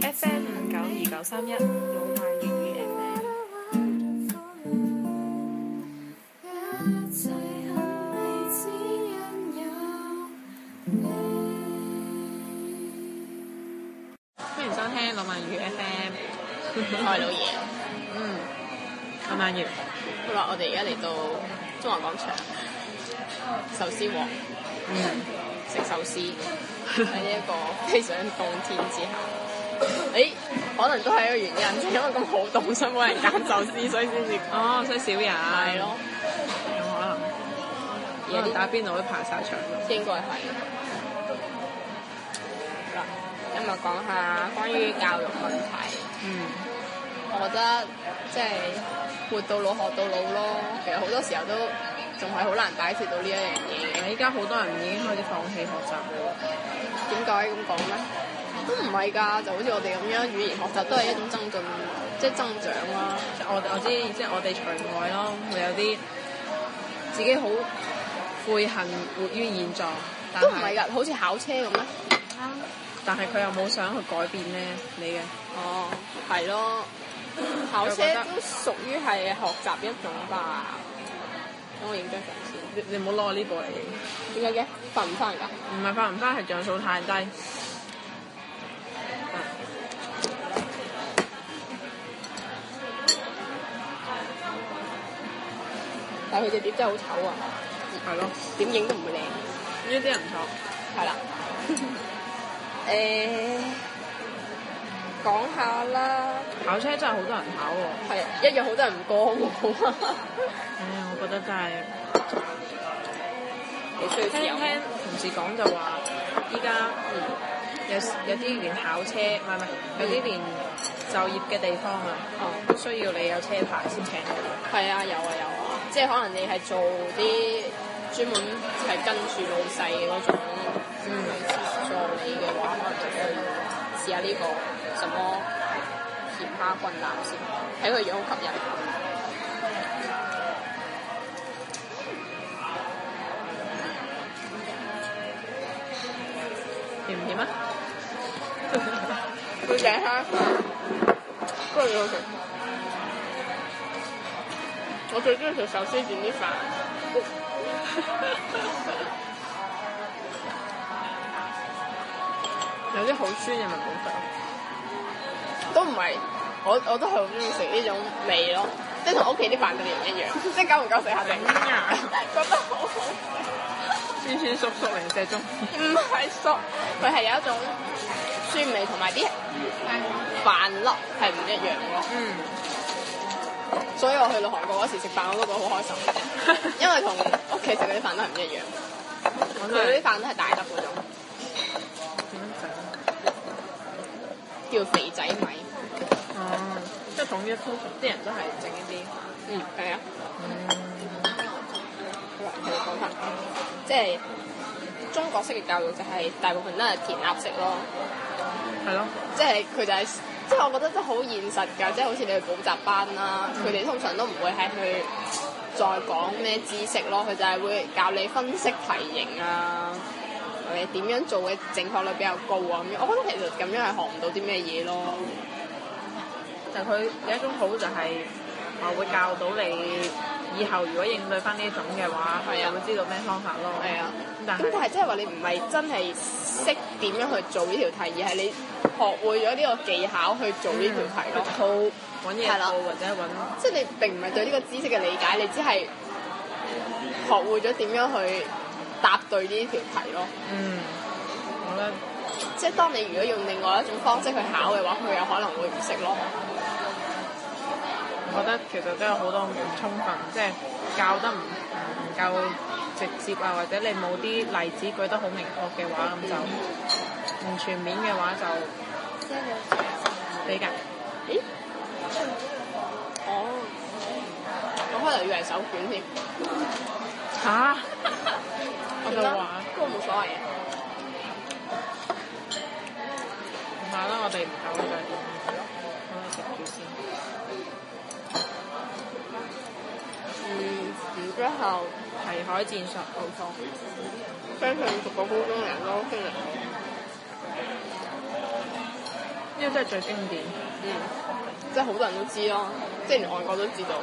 FM 五九二九三一，老萬粵語 FM。歡迎收聽老萬粵語 FM，我係老爺。嗯，老萬粵。好啦，我哋而家嚟到中環廣場，壽司王。嗯，食壽司喺呢一個非常冬天之下。誒，可能都係一個原因，因為咁好動心，所以冇人揀就業，所以先至哦，所以少人。係咯，有可能。嗯、可能打邊爐都爬曬場。應該係。嗱，今日講下關於教育問題。嗯。我覺得即係、就是、活到老學到老咯，其實好多時候都仲係好難擺脱到呢一樣嘢。但依家好多人已經開始放棄學習，點解咁講咧？都唔係㗎，就好似我哋咁樣語言學習都係一種增進，即係增長啦、啊。即係我我知，即係我哋除外咯，會有啲自己好悔恨活於現狀。但都唔係㗎，好似考車咁咩？啊、但係佢又冇想去改變咧，你嘅？哦，係咯，嗯、考車都屬於係學習一種吧。咁我影張相先。你你唔好攞我呢部嚟。點解嘅？發唔翻㗎？唔係發唔翻，係像素太低。嗯。但佢哋碟真係好醜啊，係咯，點影都唔會靚。呢啲人唔錯，係啦。誒，講下啦。考車真係好多人考喎。係啊，一日好多人唔過喎。唉，我覺得真係。聽聽同事講就話，依家有有啲連考車，唔係唔係，有啲連就業嘅地方啊，都需要你有車牌先請到。係啊，有啊，有。即係可能你係做啲專門係跟住老細嗰種助理嘅話，我哋就可以試下呢個什麼甜蝦軍艦先，睇佢樣好吸引，甜唔甜啊？食 下，好嘅。我最中意食壽司沾啲飯， 有啲好酸嘅文餸，都唔係，我我都係好中意食呢種味咯，即係同屋企啲飯對唔一樣，即係久唔久食下定， 覺得好好食，酸酸縮縮嚟食中唔係熟。佢係有一種酸味同埋啲飯粒係唔一樣咯、嗯。所以我去到韓國嗰時食飯，我都覺得好開心，因為同屋企食嗰啲飯都係唔一樣，佢嗰啲飯都係大粒嗰種，點樣整？叫肥仔米，哦、啊， 即係同一區啲人都係整一啲，嗯，係啊，好啦、嗯，繼續講翻，即係、就是、中國式嘅教育就係、是、大部分都係填鴨式咯，係咯了，即係佢就係、是。即係我覺得真係好現實㗎，即係好似你去補習班啦，佢哋、嗯、通常都唔會係去再講咩知識咯，佢就係會教你分析題型啊，或者點樣做嘅正確率比較高啊咁樣。我覺得其實咁樣係學唔到啲咩嘢咯。就佢有一種好就係、係、啊，會教到你以後如果應對翻呢種嘅話，佢、啊、會知道咩方法咯。咁、啊啊、但係即係話你唔係真係識點樣去做呢條題，而係你。學會咗呢個技巧去做呢條題咯，揾嘢做或者揾，即係你並唔係對呢個知識嘅理解，你只係學會咗點樣去答對呢條題咯。嗯，我覺得，即係當你如果用另外一種方式去考嘅話，佢有可能會唔識咯。我覺得其實都有好多唔充分，即係教得唔唔夠直接啊，或者你冇啲例子舉得好明確嘅話，咁就唔全面嘅話就。你噶？咦？哦，我開頭以為手卷添。嚇！我就話都冇所謂嘅。唔怕啦，我哋唔搞咁多嘢咯。我食住先。嗯，然之後係海戰術。好，相信十個高中人都識嘅。呢個真係最經典，嗯，即係好多人都知咯，即係連外國都知道，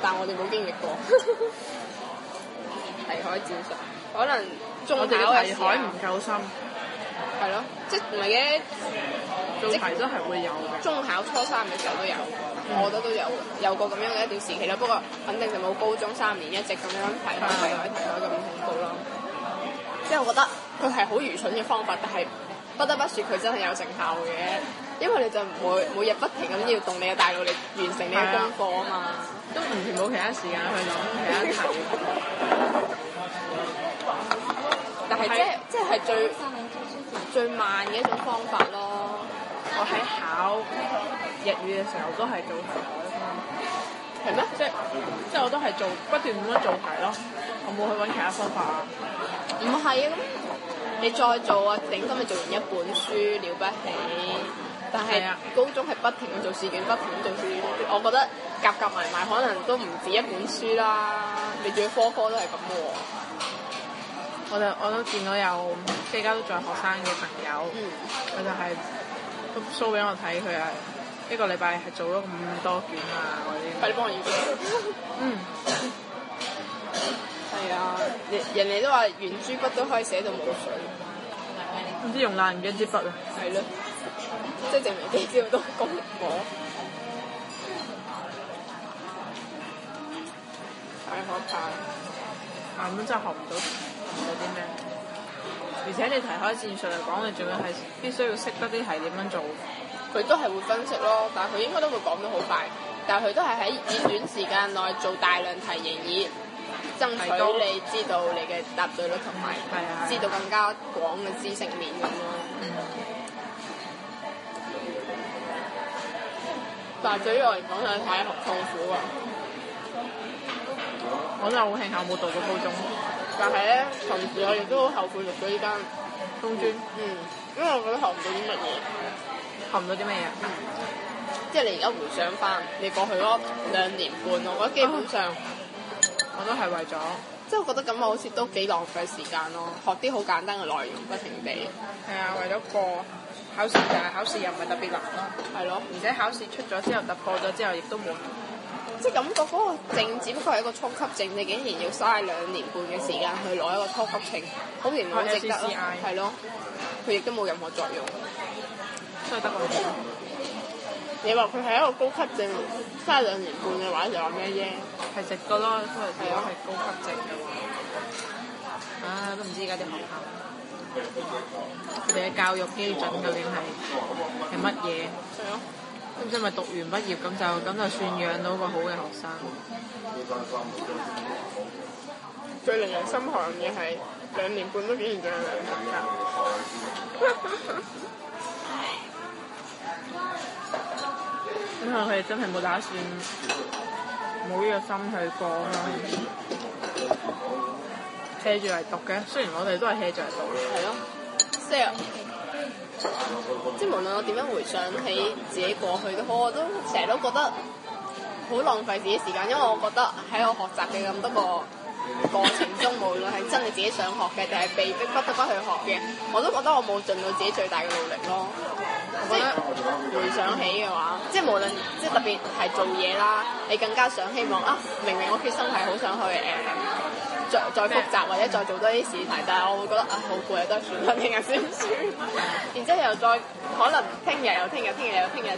但係我哋冇經歷過。題 海戰術，可能中考嘅時，題海唔夠深。係咯，即係唔係嘅，做題 即係都係會有。中考初三嘅時候都有過，嗯、我覺得都有有過咁樣嘅一段時期啦。不過肯定就冇高中三年一直咁樣題題對海題海咁恐怖啦。即係對對我覺得佢係好愚蠢嘅方法，但係。不得不說佢真係有成效嘅，因為你就會每每日不停咁要動你嘅大腦嚟完成你個功課啊嘛，都完全冇其他時間去諗其他題。 但係即即係最是最慢嘅一種方法咯。我喺考日語嘅時候都係做題海，係咩嗎？即即、即係即係、我都係做不斷咁樣做題咯，我冇去揾其他方法。唔係啊！你再做啊，頂多咪做完一本書了不起。但係是高中係不停咁做試卷，不停咁做試卷。我覺得夾夾埋埋可能都唔止一本書啦。你仲要科科都係咁喎。我就我都見到有，即係而家都仲有學生嘅朋友，佢、嗯、就係、是、都 show 俾我睇，佢啊一個禮拜係做咗咁多卷啊嗰啲。快啲幫我 嗯。 係啊，人人哋都話圓珠筆都可以寫到冇水。唔知用爛幾支筆啊？係咯， 即係證明幾多多功課。 太可怕啦！眼都、嗯、真係學唔到。有啲咩？而且你題海戰術嚟講，你仲要係必須要識得啲係點樣做。佢都係會分析咯，但係佢應該都會講得好快。但係佢都係喺短時間內做大量題型演。爭取你知道你嘅答對率同埋，知道更加廣嘅知識面咁咯、嗯啊。但係對於我嚟講，真係太痛苦啊！我真係好慶幸冇讀到高中，但係咧同時我亦都好後悔讀咗依間中專，因為我覺得學唔到啲乜嘢，學唔到啲乜嘢。嗯，即係你而家回想翻，你過去嗰兩年半，我覺得基本上、嗯。我都係為咗，即係我覺得咁啊，好似都幾浪費時間咯。學啲好簡單嘅內容，不停地。係啊、嗯，為咗過考試，但係考試又唔係特別難咯。係咯的，而且考試出咗之後，突破咗之後，亦都冇。即係感覺嗰個證只不過係一個初級證，你竟然要嘥兩年半嘅時間去攞一個初級證，好唔好值得咯？係咯，佢亦都冇任何作用。所以得個你話佢係一個高級證，三兩年半嘅話就話咩嘢？係直嘅咯，都係睇咯。係高級證嘅喎。唉，都唔知而家啲學校，佢哋嘅教育標準究竟係係乜嘢？係咯。咁即係咪讀完畢業咁就咁就算養到個好嘅學生？最令人心寒嘅係兩年半都幾難揀到。因為佢哋真係冇打算，冇呢個心去放咯 hea 住嚟讀嘅。雖然我哋都係 hea 住嚟讀嘅。係咯，即即係無論我點樣回想起自己過去，都好，我都成日都覺得好浪費自己時間，因為我覺得喺我學習嘅咁多個過程中，無論係真係自己想學嘅，定係被逼不得不去學嘅，我都覺得我冇盡到自己最大嘅努力咯。我覺得回想起嘅話，嗯、即係無論、嗯、即係特別係做嘢啦，你更加想希望啊，明明我決心係好想去誒，再、呃、再複習或者再做多啲事題，但係我會覺得啊，好攰都係算啦，聽日先算。 然之後又再可能聽日又聽日，聽日又聽日，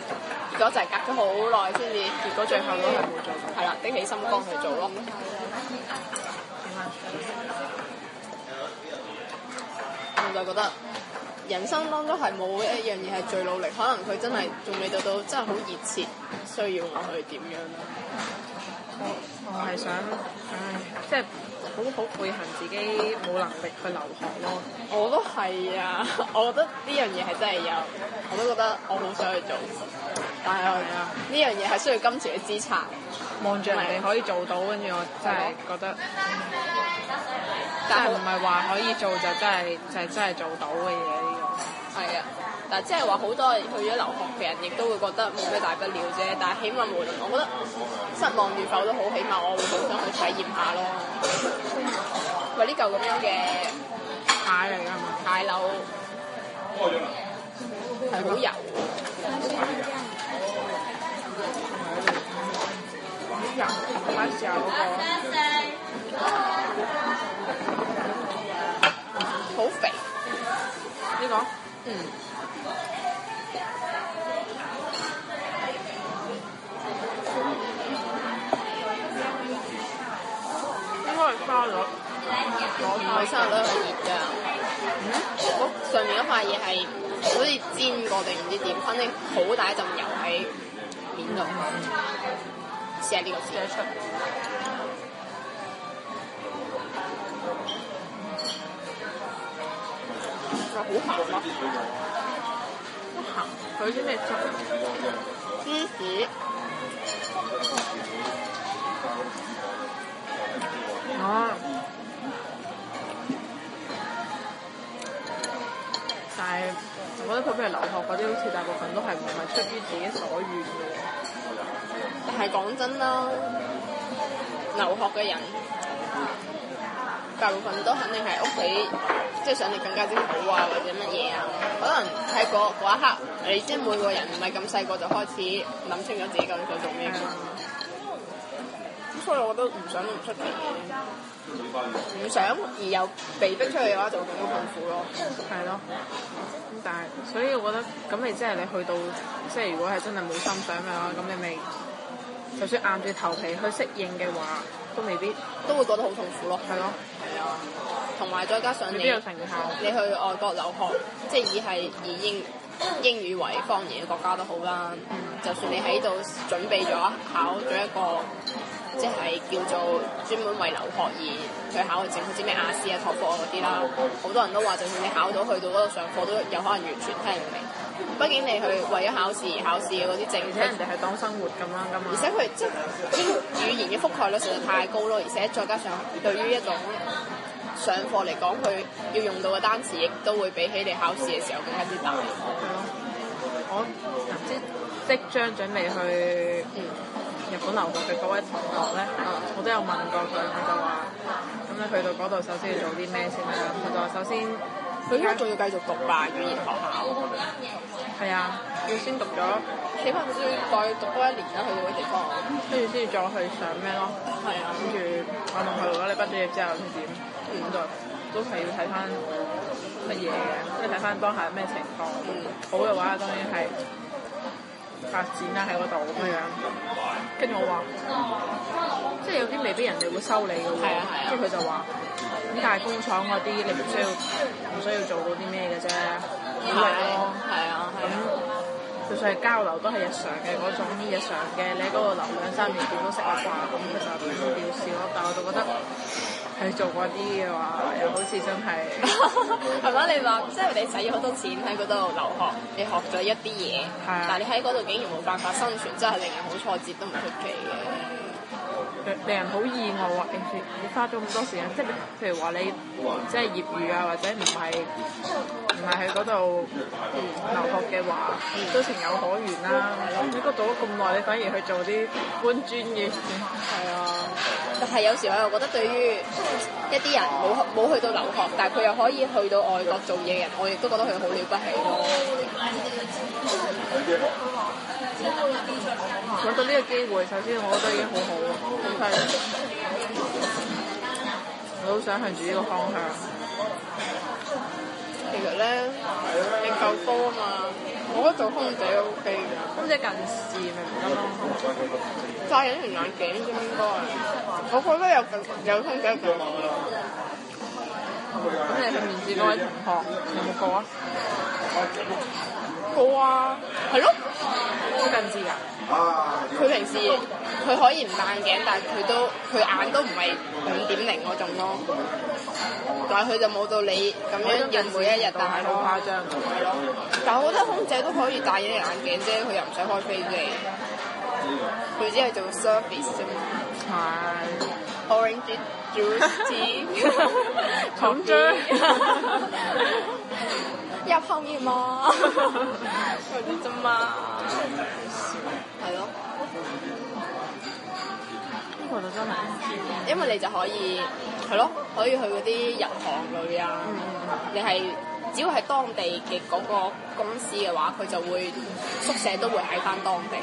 結果就係隔咗好耐先至，結果最後都係冇做。係啦對，拎起心肝去做咯。我就覺得人生當中係冇一樣嘢係最努力，可能佢真係仲未到到真係好熱切需要我去點樣咯。我係想，唉、呃，即係好好悔恨自己冇能力去留學咯。我都係啊！我覺得呢樣嘢係真係有，我都覺得我好想去做，但係我呢樣嘢係需要金錢嘅資產。望住人哋可以做到，跟住、就係、我真係覺得。拜拜拜拜拜拜但係唔係話可以做就真係就係、真係做到嘅嘢呢個？係啊，但嗱，即係話好多去咗留學嘅人，亦都會覺得冇咩大不了啫。但係起碼無論我覺得失望與否都好，起碼我會好想去體驗下咯。喂， 呢嚿咁樣嘅蟹嚟㗎嘛？蟹柳係好油，嗰，嗯。應該係沙律。我睇沙律係熱嘅。嗯？上面嗰塊嘢係好似煎過定唔知點，反正好大一陣油喺面度。試下呢個試。得出。好麻煩、啊，得閒。佢啲咩汁？芝士、嗯。我、嗯啊、但係，我覺得佢畀人留學嗰啲，好似大部分都係唔係出於自己所願嘅。但係講真啦，留學嘅人。大部分都肯定係屋企，即係想你更加之好啊，或者乜嘢啊。Yeah. 可能喺嗰、嗰個、一刻，你即係每個人唔係咁細個就開始諗清楚自己究竟想做咩嘅。咁 Yeah. 所以我都唔想唔出奇唔、嗯、想而又被逼出去嘅話就會更加痛苦咯。係咯。咁但係，所以我覺得咁你即係你去到，即係如果係真係冇心想嘅話，咁你咪就算硬住頭皮去適應嘅話。都未必都會覺得好痛苦咯。係咯，係啊，同埋、嗯、再加上你成效？你去外國留學，即係以係以英英語為方言嘅國家都好啦。就算你喺度準備咗考咗一個即係叫做專門為留學而去考嘅證，好似咩雅思啊、托福啊啲啦，好多人都話就算你考到去到嗰度上課都有可能完全聽唔明。畢竟你去為咗考試而考試嘅嗰啲證，而且人哋係當生活咁樣噶嘛。而且佢即係啲語言嘅覆蓋率實在太高咯，而且再加上對於一種上課嚟講，佢要用到嘅單詞，亦都會比起你考試嘅時候更加之大。係咯、嗯，我即將準備去日本留學嘅嗰位同學咧，嗯、我都有問過佢，我就話：咁、嗯、你去到嗰度首先要做啲咩先啊？佢、嗯、就話：首先。佢應該仲要繼續讀埋語言學校。係啊、嗯，要、嗯、先讀咗，起碼要再讀多一年啦，去到嗰地方，跟住先至再去上咩咯。係啊、嗯，跟住我問佢話：如果你畢咗業之後點點對？都係要睇翻乜嘢嘅，跟住睇翻當下咩情況。好嘅話當然係發展啦，喺嗰度咁樣。跟住我話，嗯、即係有啲未必人哋會收你嘅喎。係啊跟住佢就話。啲大工廠嗰啲，你唔需要唔需要做嗰啲咩嘅啫，啊，咁就算係交流都係日常嘅嗰種日常嘅，你喺嗰度留兩三年，點都識得啩。咁其實都少少咯。但我就覺得，係做嗰啲嘅話，又好似真係係嘛？你話，即係你使咗好多錢喺嗰度留學，你學咗一啲嘢，對啊、但你喺嗰度竟然冇辦法生存，真係令人好挫折都唔出奇嘅。令人好意外定係誒，你花咗咁多時間，即係譬如話你即係業餘啊，或者唔係。唔係喺嗰度留學嘅話，嗯、都情有可原啦、啊。如果、嗯、做咗咁耐，你反而去做啲搬磚嘅，係啊。 但係有時我又覺得，對於一啲人冇冇、啊、去到留學，但係佢又可以去到外國做嘢嘅人，我亦都覺得佢好了不起咯。揾到呢個機會，首先我覺得已經好好啦，係。我好想向住呢個方向。其實咧，你夠高啊嘛？我覺得做空姐 OK 嘅，空姐近視咪唔得咯，戴隱形眼鏡啫嘛應該。我覺得有有空姐近視。咁、嗯嗯嗯、你去面試嗰位同學有冇過啊？好啊，係咯，好近視噶，佢、啊、平時佢可以唔戴眼鏡，但係佢都佢眼都唔係五點零嗰種咯，但係佢就冇到你咁樣嘅每一日，但係好誇張，係咯。但係我覺得空姐都可以戴眼鏡啫，佢又唔使開飛機，佢只係做 service 啫。係、 啊。Orange juice tea 咁啫。 要方便嘛？嗰啲咋嘛？係咯。呢個就真係。因為你就可以，係咯，可以去嗰啲銀行裏啊。你係只要係當地嘅嗰個公司嘅話，佢就會宿舍都會喺翻當地。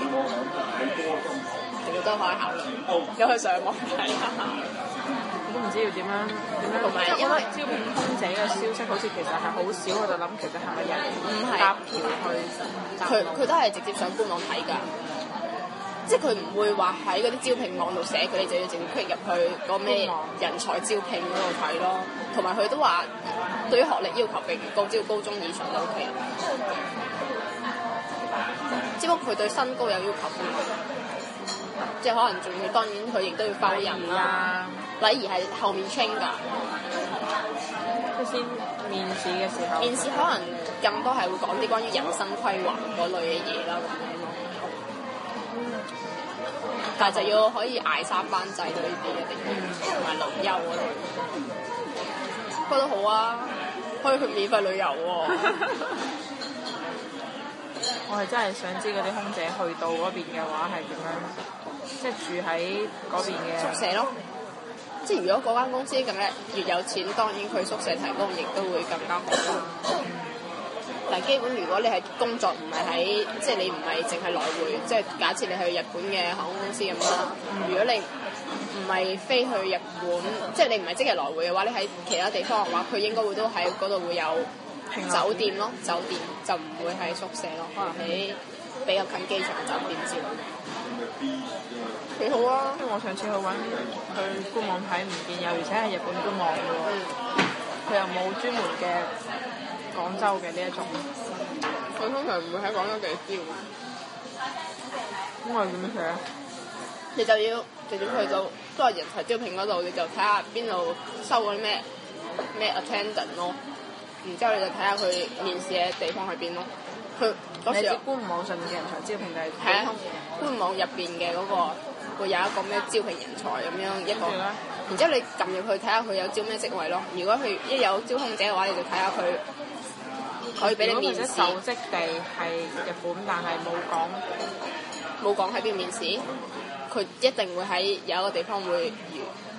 係咪都可以考慮？有去上網睇下。 都唔知要點樣，同埋因為招聘空姐嘅消息好似其實係好少，我就諗其實係咪一樣他客人搭橋去，佢佢都係直接上官網睇㗎，即係佢唔會話喺嗰啲招聘網度寫，佢哋就要直接推入去個咩人才招聘嗰度睇咯，同埋佢都話對於學歷要求並唔高，招、高中以上都 O K，只不過佢對身高有要求。即係可能仲要，當然佢亦都要否人啦。禮儀係、啊、後面傾㗎，佢先面試嘅時候，面試可能更多係會講啲關於人生規劃嗰類嘅嘢啦。咁、嗯、但係就要可以捱三班制，到呢啲一定同埋留休嗰類，覺得、嗯、好啊！可以去免費旅遊喎、啊。 我係真係想知嗰啲空姐去到嗰邊嘅話係點樣，即係住喺嗰邊嘅宿舍咯。即係如果嗰間公司咁樣，越有錢，當然佢宿舍提供亦都會更加好。嗯、但係基本如果你係工作唔係喺，即係你唔係淨係來回，即係假設你去日本嘅航空公司咁啦，嗯、如果你唔係飛去日本，即係你唔係即係來回嘅話，你喺其他地方嘅話，佢應該會都喺嗰度會有。酒店咯，酒店就唔會喺宿舍咯，可能喺比較近機場嘅酒店之類。幾、嗯嗯、好啊！因為我上次去揾，去官網睇唔見有，而且係日本官網喎，佢、嗯、又冇專門嘅廣州嘅呢一種。佢、嗯嗯、通常唔會喺廣州地招。咁我哋點樣寫啊？嗯嗯、你就要直接去到都係、嗯、人才招聘嗰度，你就睇下邊度收嗰咩咩 attendant 咯。然之後你就睇下佢面試嘅地方喺邊咯。佢嗰時官網上面嘅人才招聘就係睇下官網入邊嘅嗰個會有一個咩招聘人才咁樣一個。然之後你撳入去睇下佢有招咩職位咯。如果佢一有招空姐嘅話，你就睇下佢佢可以俾你面試。首職地係日本，但係冇講冇講喺邊面試。佢一定會喺有一個地方會。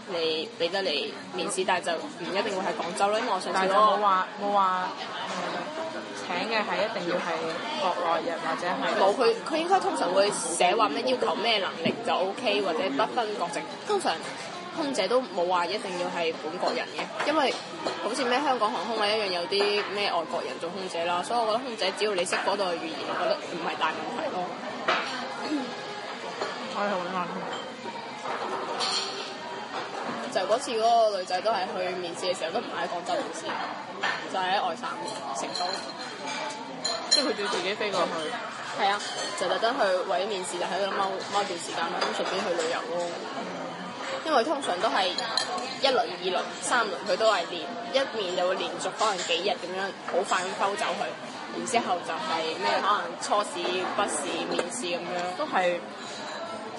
你俾得你面試，但係就唔一定會喺廣州啦，因為我上次我冇話冇話誒請嘅係一定要係國內人或者係冇，佢佢應該通常會寫話咩要求咩能力就 OK，或者不分國籍。通常空姐都冇話一定要係本國人嘅，因為好似咩香港航空啊一樣有啲咩外國人做空姐啦，所以我覺得空姐只要你識嗰度嘅語言，我覺得唔係大問題咯。哎呀，我哋就嗰次嗰個女仔都係去面試嘅時候都唔喺廣州度先，就喺、是、外省，成都。即係佢叫自己飛過去。係啊，就特登去為咗面試，就喺度踎踎段時間，咁順便去旅遊咯。因為通常都係一輪、二輪、三輪，佢都係連一面就會連續可能幾日咁樣好快咁兜走佢，然之後就係咩可能初試、筆試、面試咁樣。都係。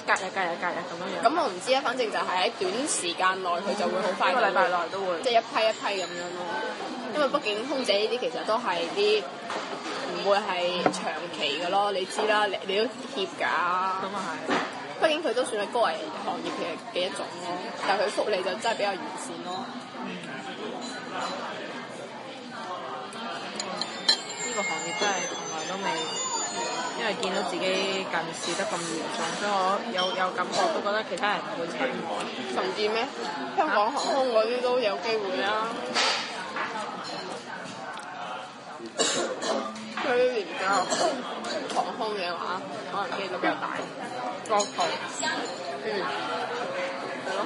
隔日、隔日、隔日咁樣樣。咁我唔知啦，反正就係喺短時間內，佢、嗯、就會好快。一個禮拜內都會。即係一批一批咁樣咯。嗯、因為畢竟空姐呢啲其實都係啲唔會係長期嘅咯、嗯，你知啦，你你都怯㗎。咁啊係。畢竟佢都算係高危行業嘅嘅一種咯，但係佢福利就真係比較完善咯。呢、嗯嗯、個行業真係從來都未。因為見到自己近視得咁嚴重，所以我有有感覺，都覺得其他人會差唔多。甚至咩？香港航空嗰啲都有機會啦、啊。 去年比較航空嘅話，可能機會比較大。國航，嗯，係咯，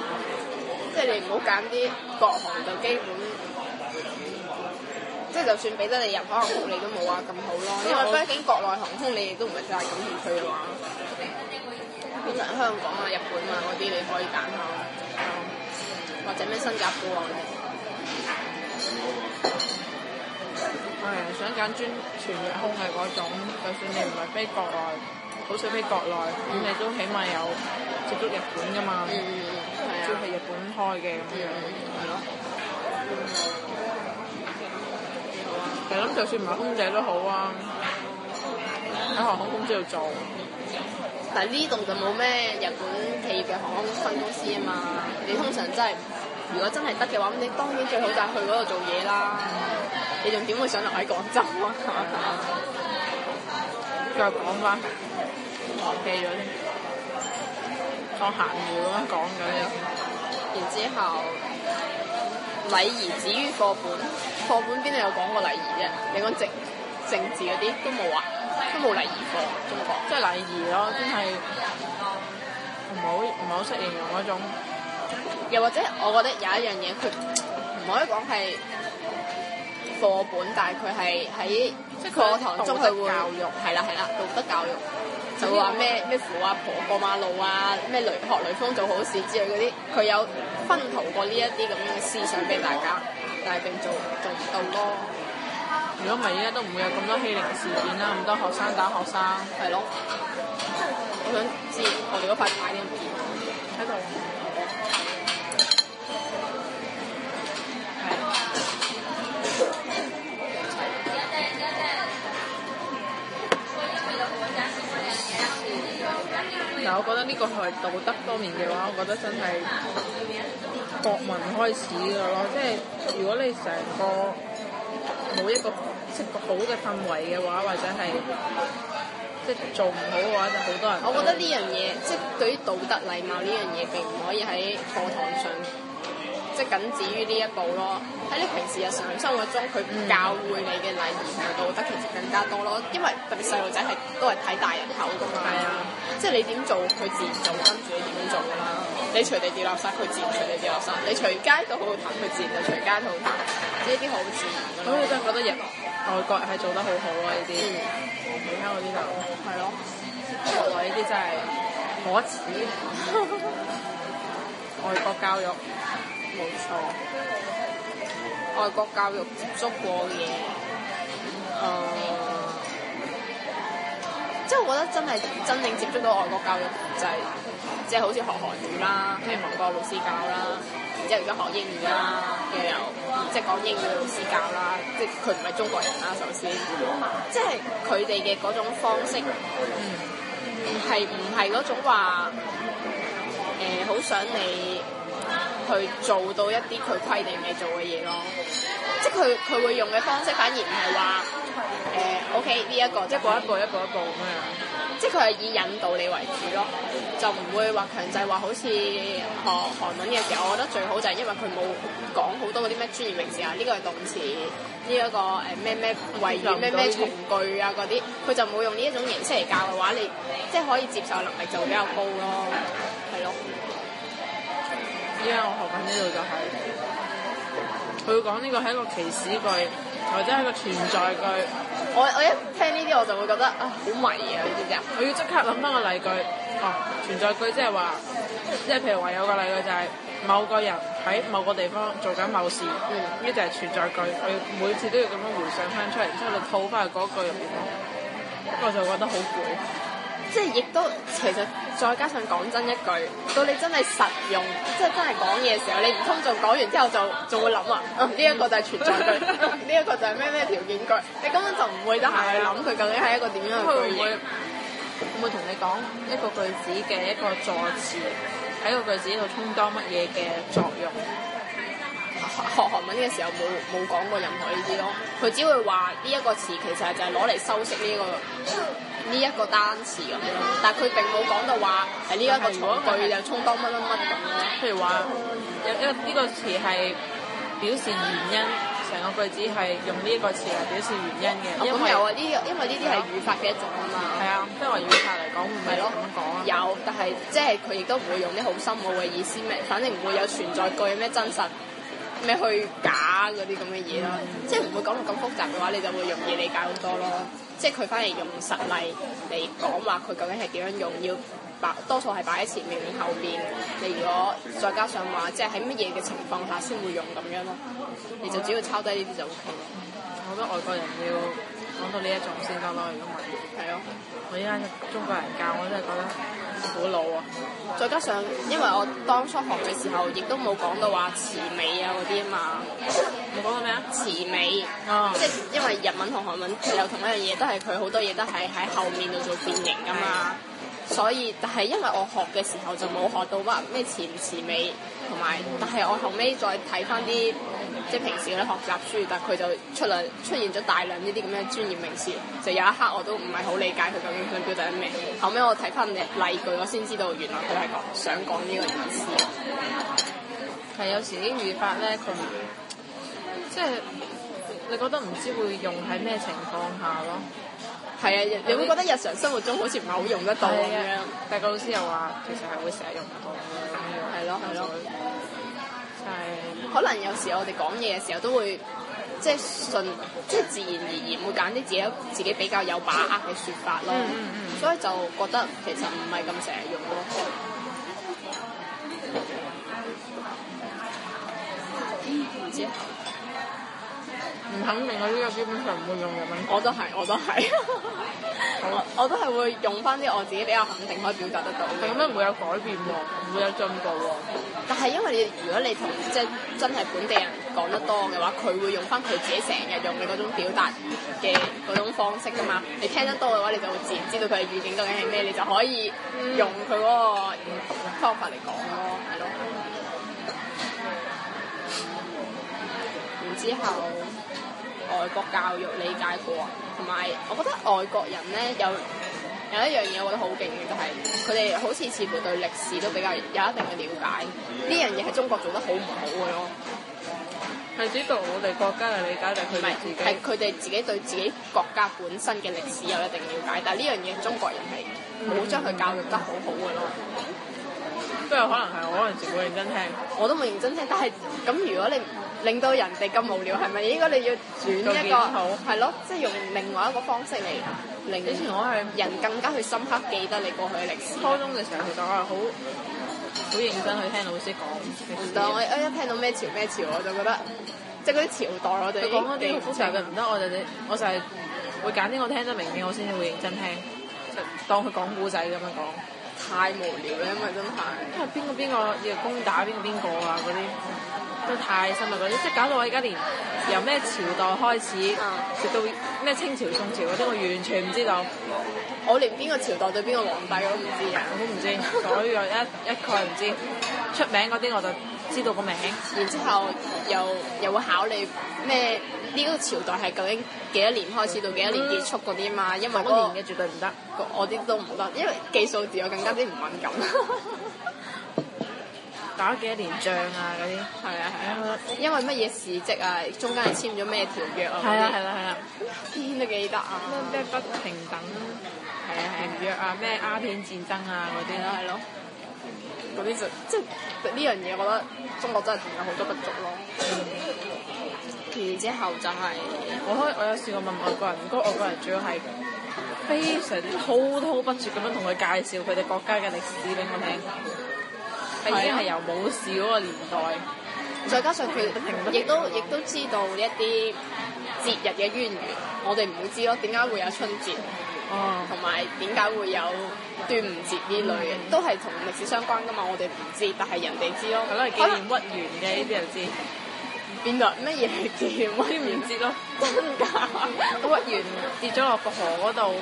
即係你唔好揀啲國航就基本。即係就算俾得你入，可能福利你都冇話咁好咯。因為畢竟國內航空你亦都唔係太感興趣嘅話，比如、嗯、香港啊、日本啊嗰啲你可以揀下，嗯、或者咩新加坡啊嗰啲。係想揀專全日空嘅嗰種，嗯、就算你唔係飛國內，好少飛國內，咁你、嗯、都起碼有接觸日本㗎嘛，即係、嗯、日本開嘅咁樣，係咯、嗯。係諗，就算唔係空姐都好啊，喺航空公司度做。但係呢度就冇咩日本企業嘅航空分公司啊嘛，你通常真係，如果真係得嘅話，咁你當然最好就係去嗰度做嘢啦。你仲點會想留喺廣州啊、 嗯？再講返，忘記咗添，當閒聊咁樣講咗先、嗯，然之後。禮儀。至於課本，課本邊度有講過禮儀啫？你講政政治嗰啲都冇啊，都冇禮儀課，中國即係禮儀咯，真係唔係好唔係好識形容嗰種。又或者，我覺得有一樣嘢，佢唔可以講係課本，但係佢係喺即係課堂中佢會教育，係啦係啦，道德教育。就會話咩咩扶阿婆過馬路啊，咩雷學雷鋒做好事之類嗰啲，佢有薰陶過呢一啲咁樣嘅思想俾大家，但係並做做唔到咯。如果唔係，依家都唔會有咁多欺凌事件啦，咁多學生打學生，係咯。我想知我哋嗰塊牌點唔變喺度。我覺得呢個係道德方面嘅話，我覺得真係國民開始嘅咯。即係如果你成個冇一個即係個好嘅氛圍嘅話，或者係即係做唔好嘅話，就好多人。我覺得呢樣嘢，即係對於道德禮貌呢樣嘢，並唔可以喺課堂上。即係僅止於呢一步咯。喺你平時日常生活中，佢教會你嘅禮儀同埋道德其實更加多咯。因為特別細路仔係都係睇大人口㗎嘛。係啊，即係你點做，佢自然就跟住你點樣做㗎啦。嗯、你隨地掉垃圾，佢自然、嗯、隨地掉垃圾；你隨街都好好睇，佢自然就隨街都好睇。呢啲好自然。咁你真係覺得人外國係做得好好啊。呢啲其他嗰啲就係咯，外國呢啲真係可恥，外國教育。冇錯，外國教育接觸過嘅嘢，誒、呃，即係我覺得真係真正接觸到外國教育就係、是，即、就、係、是、好似學韓語啦，即係外國老師教啦，然之後而家學英語啦，又有即係、就是、講英語老師教啦，即係佢唔係中國人啦，首先，即係佢哋嘅嗰種方式，係唔係嗰種話，好、呃、想你。去做到一啲佢規定你做嘅嘢咯，即係佢佢會用嘅方式反而唔係話誒，O K 呢一個即係一一步一步一步咁樣，即係佢係以引導你為主咯，嗯、就唔會話強制話好似學韓文嘅時候，我覺得最好就係因為佢冇講好多嗰啲咩專業名詞、這個這個呃、啊，呢個係動詞，呢一個誒咩咩謂語咩咩從句啊嗰啲，佢就冇用呢一種形式嚟教嘅話，你即係可以接受能力就比較高咯。嗯。.依家我學緊呢度就係、是，佢講呢個係一個祈使句，或者係一個存在句。我我一聽呢啲我就會覺得、哎、啊，好迷啊呢啲嘢。我要即刻諗翻個例句，哦，存在句即係話，即係譬如話有個例句就係、是、某個人喺某個地方做緊某事，呢就係存在句。我要每次都要咁樣回想翻出嚟，之後你套翻嗰句入面，我就覺得好攰。即係亦都其實。再加上講真一句，到你真係實用，即係真係講嘢時候，你唔通就講完之後就仲會諗啊？呢、嗯、一、這個就係存在句，呢、這、一個就係咩咩條件句，你根本就唔會得閒去諗佢究竟係一個點樣嘅句子。會唔會同你講一個句子嘅一個助詞喺個句子度充當乜嘢嘅作用？學韓文嘅時候冇冇講過任何呢啲咯，佢只會話呢一個詞其實就係攞嚟修飾呢個。呢一個單詞咁，但係佢並冇講到話係呢一個主句就充當乜乜乜咁。譬如話，一一個呢個詞係表示原因，成個句子係用呢一個詞嚟表示原因嘅。咁有啊，呢因為呢啲係語法嘅一種啊嘛。係啊，即係話語法嚟講，唔係咯，有，但係即係佢亦都唔會用啲好深奧嘅意思咩，反正唔會有存在句咩真實咩去假嗰啲咁嘅嘢咯。即係唔會講到咁複雜嘅話，你就會容易理解好多咯。即係佢翻嚟用實例嚟講話，佢究竟係點樣用？要擺多數係擺喺前面，後邊你如果再加上話，即係喺乜嘢嘅情況下先會用咁樣咯？你就只要抄低呢啲就 OK 啦。我覺得外國人要講到呢一種先得啦，如果唔係，係咯，我依家中國人教我真係覺得。苦惱啊！再加上，因為我當初學嘅時候，亦都冇講到話詞尾啊嗰啲啊嘛。你講到咩啊？詞尾，嗯、即係因為日文同韓文有同一樣嘢，都係佢好多嘢都係喺後面度做變形噶嘛。嗯、所以，但係因為我學嘅時候就冇學到乜咩前詞尾同埋，但係我後尾再睇翻啲。即係平時嗰啲學習書，但係佢就出嚟出現咗大量呢啲咁嘅專業名詞，就有一刻我都唔係好理解佢究竟想表達咩。後尾我睇翻例句，我先知道原來佢係講想講呢個意思。係有時啲語法咧，佢唔即係你覺得唔知會用喺咩情況下咯。係啊，你會覺得日常生活中好似唔係好用得到咁樣。但係個老師又話，其實係會成日用得到咁樣，係咯係咯，就係。可能有時我哋講嘢嘅時候都會，即係順，即係自然而然會揀啲自己自己比較有把握嘅說法咯，嗯嗯、所以就覺得其實唔係咁成日用咯。唔知啊？唔肯定，我呢個基本上唔會用嘅。我都係， 我都係。好啊，我都係會用翻啲我自己比較肯定可以表達得到。係咁樣唔會有改變喎，唔會有進步喎。但係因為如果你同即係真係本地人講得多嘅話，佢會用翻佢自己成日用嘅嗰種表達嘅嗰種方式噶嘛。你聽得多嘅話，你就會自然知道佢嘅語境究竟係咩，你就可以用佢嗰個方法嚟講咯，係咯。然之後。外國教育理解過，同埋我覺得外國人咧有有一樣嘢，我覺得好勁嘅就係佢哋好似似乎對歷史都比較有一定嘅了解，呢樣嘢喺中國做得好唔好嘅咯。係知道我哋國家嘅理解，但係佢係佢哋自己對自己國家本身嘅歷史有一定了解，但係呢樣嘢中國人係冇將佢教育得好好嘅咯。不過可能係我嗰陣時冇認真聽，我都冇認真聽，但係咁如果你。令到人哋咁無聊係咪？應該你要轉一個好，係咯，即係用另外一個方式嚟令人更加去深刻記得你過去嘅歷史。初中嘅時候，其實我係好好認真去聽老師講。唔得，我一聽到咩潮咩潮，我就覺得即係嗰啲朝代我哋。佢講啲枯燥嘅唔得，我哋，我就係會揀啲我聽得明嘅，我先至會認真聽。就當佢講古仔咁樣講，太無聊咧，因為真係。邊個邊個要攻打邊個邊個啊？嗰啲。都太深嘞嗰啲，即係搞到我而家連由咩朝代開始，嗯、直到咩清朝、宋朝嗰啲，我完全唔知道。我連邊個朝代對邊個皇帝都唔知啊，知 我都唔知，所有一一概唔知。出名嗰啲我就知道個名，然之後又又會考你咩呢個朝代係究竟幾多年開始到幾多年結束嗰啲啊嘛、那個？因為嗰年嘅絕對唔得，我啲都唔得，因為記數字我更加之唔敏感。 打咗幾多年仗啊嗰啲，係啊係啊，啊因為乜嘢事跡啊，中間係簽咗咩條約啊嗰啲，係啦係啦係都記得啊，咩不平等，係啊，條約啊，咩鴉片戰爭啊嗰啲咯，係咯，嗰啲、啊啊啊、就即係呢樣嘢，我覺得中國真係仲有好多不足咯、啊。嗯、然之後就係、是、我開，我有試過問外國人，嗰個外國人主要係非常滔滔不絕咁樣同佢介紹佢哋國家嘅歷史，畀我聽。嗯已經係由武士嗰個年代，嗯、再加上佢亦都亦都知道一啲節日嘅淵源，我哋唔會知咯，點解會有春節，同埋點解會有端午節呢類嘅，嗯、都係同歷史相關噶嘛，我哋唔知，但係人哋知咯。係咯，紀念屈原嘅呢啲人知。變作乜嘢字，我已經唔知咯。真假屈完跌咗落河嗰度，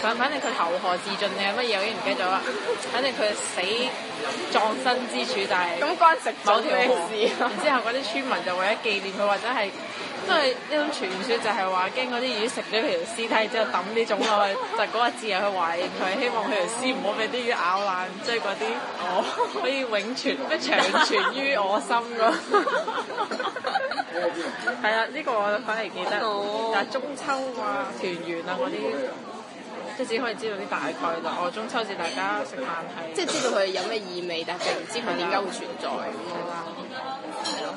反反正佢投河自盡定係乜嘢，我已經唔記得咗啦。反正佢死葬身之處就係某條河。然之後嗰啲村民就為咗紀念佢，或者係即係呢種傳說，就係話驚嗰啲魚食咗條屍體之後抌呢種落去，就嗰個字係去懷念佢，希望佢條屍唔好俾啲魚咬爛，即係嗰啲我可以永存，乜長存於我心㗎。係啊，呢、這個我反而記得，Hello. 但係中秋啊、團圓啊嗰啲，即係只可以知道啲大概咯。哦，中秋節大家食飯係，即係知道佢有咩意味，但係唔知佢點解會存在咁咯。係咯，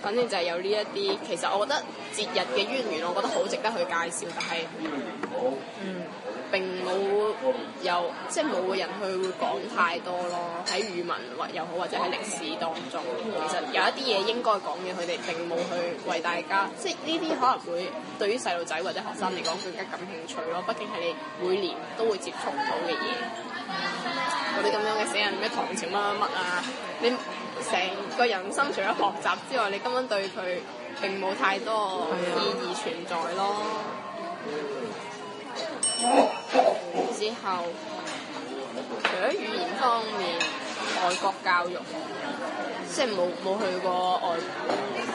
反正就係有呢一啲。其實我覺得節日嘅淵源，我覺得好值得去介紹。但係，mm hmm. 嗯。並冇有，有即係冇人去會講太多咯。喺語文或又好，或者喺歷史當中，其實有一啲嘢應該講嘅，佢哋並冇去為大家。即係呢啲可能會對於細路仔或者學生嚟講更加感興趣咯。畢竟係你每年都會接觸到嘅嘢，嗰啲咁樣嘅死人咩唐朝乜乜乜啊，你成個人生除咗學習之外，你根本對佢並冇太多意義存在咯。之後，除咗語言方面，外國教育，即係冇冇去過外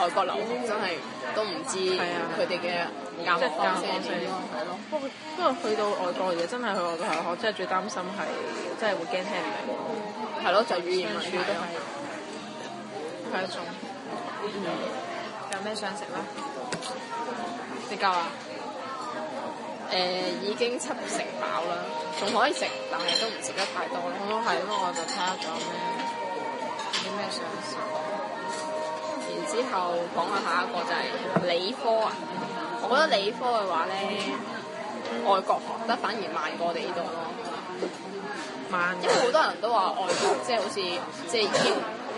外國留學，嗯、真係都唔知佢哋嘅教學方式咯。不過、嗯、吧不過去到外國嘅真係去外國學都係，我真係最擔心係，真係會驚聽唔明。係咯吧，就語言啊、就是，呢啲係係一種。有咩想食咧？你教啊？誒、呃、已經七成飽啦，仲可以食，但係都唔食得太多咯。我都係咯，我就差下講咩，有啲咩想講。嗯、然之後講下下一個就係理科啊，嗯、我覺得理科嘅話咧，嗯、外國學得反而慢過我哋呢度咯，慢過。因為好多人都話外國即係、就是、好似即係英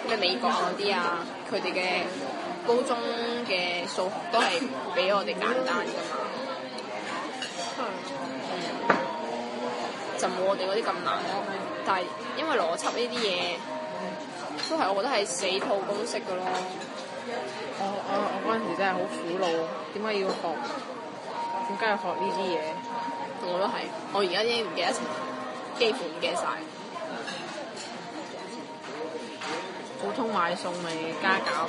咩美國嗰啲啊，佢哋嘅高中嘅數學都係比我哋簡單噶嘛。嗯嗯嗯。我哋嗰啲咁難咯，但係因為邏輯呢啲嘢都係我覺得係死套公式嘅咯。我我我嗰陣時真係好苦惱，點解要學？點解要學呢啲嘢？我都係，我而家已經唔記得咗，基本唔記得晒，普通買餸咪加減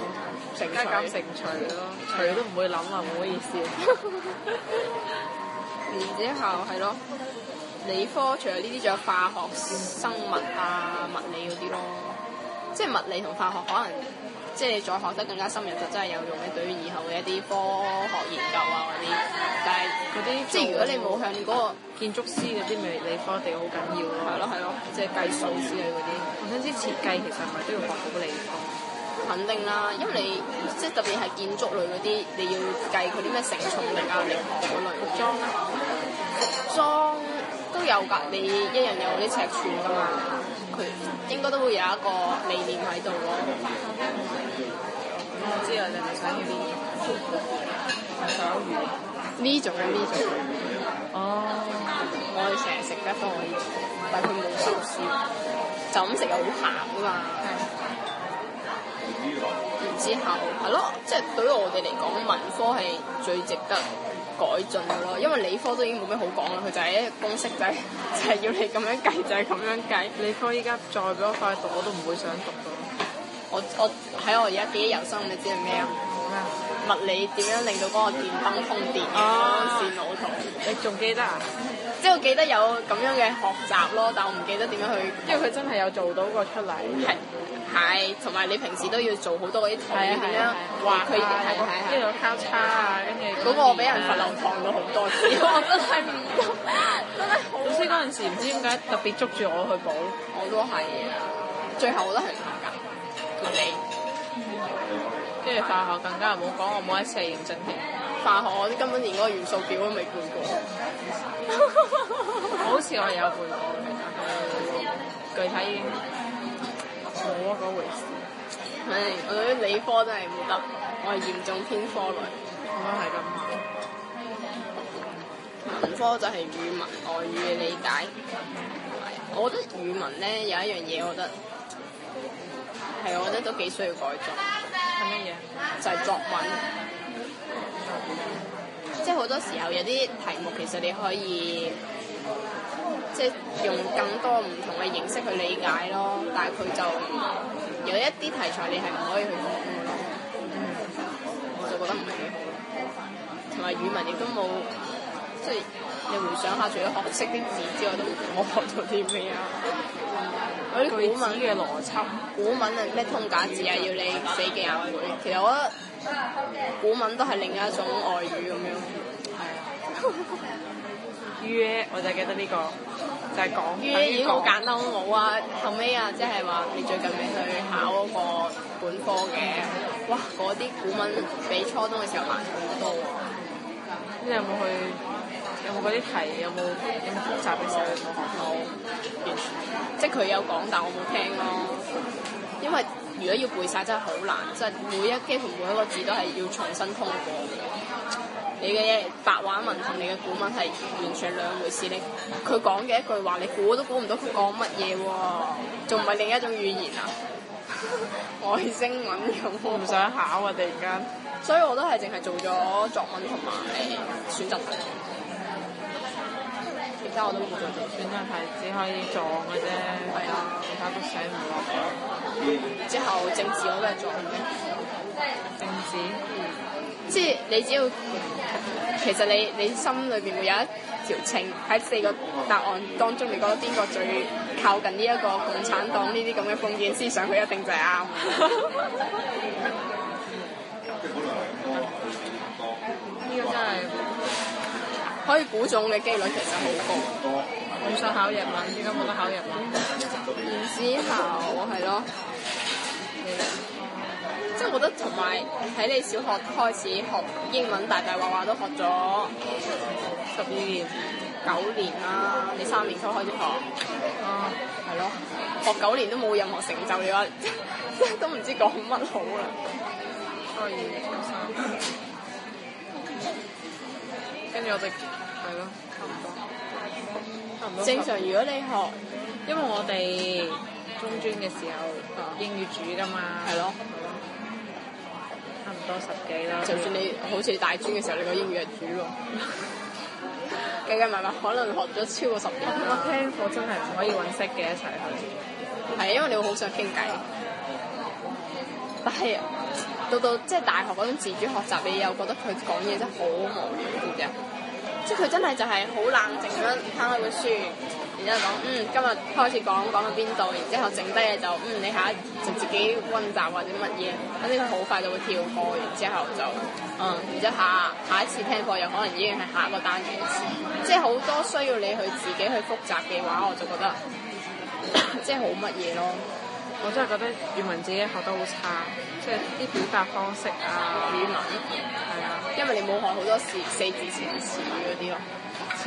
乘，加減乘除咯，除都唔會諗啊，唔好意思。 然之後係咯。理科除咗呢啲，仲有化學生物啊、物理嗰啲咯。即係物理同化學可能即係再學得更加深入，就真係有用嘅，對於以後嘅一啲科學研究啊嗰啲，但係嗰啲即係如果你冇向嗰、嗰個建築師嗰啲，咪理科地好緊要咯、啊。係咯係咯，即係計數之類嗰啲。我、嗯、想知設計，其實係咪都要學到理科？肯定啦，因為你即係特別係建築類嗰啲，你要計佢啲咩承重力啊、力學嗰類服裝啦，服裝。都有㗎，你一樣有啲尺寸㗎嘛，佢應該都會有一個理念喺度咯。唔、嗯、知啊，你你想要啲什麼呢種嘅，呢種，哦，我哋成日食得多嘅，但係佢冇燒燒，就咁食又好鹹啊嘛。然之後係咯，即係對於我哋嚟講，文科係最值得改進嘅咯，因為理科都已經冇咩好講啦，佢就係、是、一個公式、就是，就係就係要你咁樣計，就係、是、咁樣計。理科依家再俾我快去讀，我都唔會想讀到。我我喺我而家記憶猶新，你知係咩啊？咩麼物理點樣令到嗰個電燈通電？哦。線路圖。你仲記得啊？即係 我記得有咁樣嘅學習咯，但我唔記得點樣去，因為佢真係有做到個出嚟。係。係，同埋你平時都要做好多嗰啲題，係啊，話佢點睇睇，一路交叉啊，跟住嗰個俾人罰留堂咗好多次，啊、 我都係唔到真係好。老師嗰時唔知點解特別捉住我去補，我都係，最後我都係唔合格。跟住化學更加冇講，我冇一次係認真聽。化學我啲根本連嗰個元素表都未背過， 好似我有背過，其實嗯、具體已經。我嗰回事，唉，我覺得理科真係唔得，我係嚴重偏科類。我都係咁，文科就係語文外語嘅理解，同我覺得語文咧有一樣嘢，我覺得係我覺得都幾需要改進。係乜嘢？就係作文，嗯、即係好多時候有啲題目其實你可以。即係用更多唔同嘅形式去理解咯，但係佢就有一啲題材你係唔可以去講嘅，我就覺得唔係幾好。同埋語文亦都冇，即係你回想下，除咗學識啲字之外都知，都冇、哦、學到啲咩啊！嗰啲古文嘅邏輯，古文係咩通假字啊，要你死記呀，我會。其實我覺得古文都係另一種外語咁樣。係啊， 我就係記得呢、呢個。就係講，已經好簡單好冇啊！後尾啊，即係話你最近未去考嗰個本科嘅，哇！嗰啲古文比初中嘅時候難好多喎、啊。你有冇去？有冇嗰啲題？有冇？有冇複習嘅時候有冇學到？即係佢有講，但係我冇聽咯。因為如果要背晒，真係好難，即係每一句同每一個字都係要重新通過。你嘅白話文同你嘅古文係完全兩回事，你佢講嘅一句話，你估都估唔到佢講乜嘢喎，仲唔係另一種語言啊？ 外星文咁、我。唔想考啊！突然間，所以我都係淨係做咗作文擇 同埋選擇題，其他我都冇再做，選擇題只可以撞嘅啫。係啊，其他都寫唔落。然之後政治我都係撞嘅。政治。 即係你只要，其實你你心裏邊會有一條秤，喺四個答案當中，你覺得邊個最靠近呢一個共產黨呢啲咁嘅封建思想，佢一定就係啱。呢 個真係可以估中嘅機率其實好高。唔想考日文，點解冇得考日文？唔準考係咯。即係我覺得同埋喺你小學開始學英文，大大話話都學咗十二年，九年啦、啊，你三年初開始學，係咯、啊，學九年都冇任何成就嘅話，即係 都唔知講乜好啦。初二唉、跟住 我哋係咯，差唔多，差唔多，正常如果你學，因為我哋中專嘅時候英語主㗎嘛，係咯。差唔多十幾啦。就算你好似你大專嘅時候，你個英語係主要，計計埋埋可能學咗超過十年。我聽課真係唔可以揾識嘅一齊去，係 因為你會好想傾偈。但 係 到到即係大學嗰種自主學習你又我覺得佢講嘢真係好無聊嘅，即係佢真係就係好冷靜咁樣攤開本書。看看然之後講，嗯，今日開始講講到邊度，然之後整低嘢就，嗯，你下一就自己温習或者乜嘢，反正佢好快就會跳過，然之後就，嗯，然之後下下一次聽課又可能已經係下一個單元嘅事，即係好多需要你去自己去複習嘅話，我就覺得 即係好乜嘢咯。我真係覺得語文自己學得好差，即係啲表達方式啊、語文係啊，的因為你冇學好多四四字成詞嗰啲咯。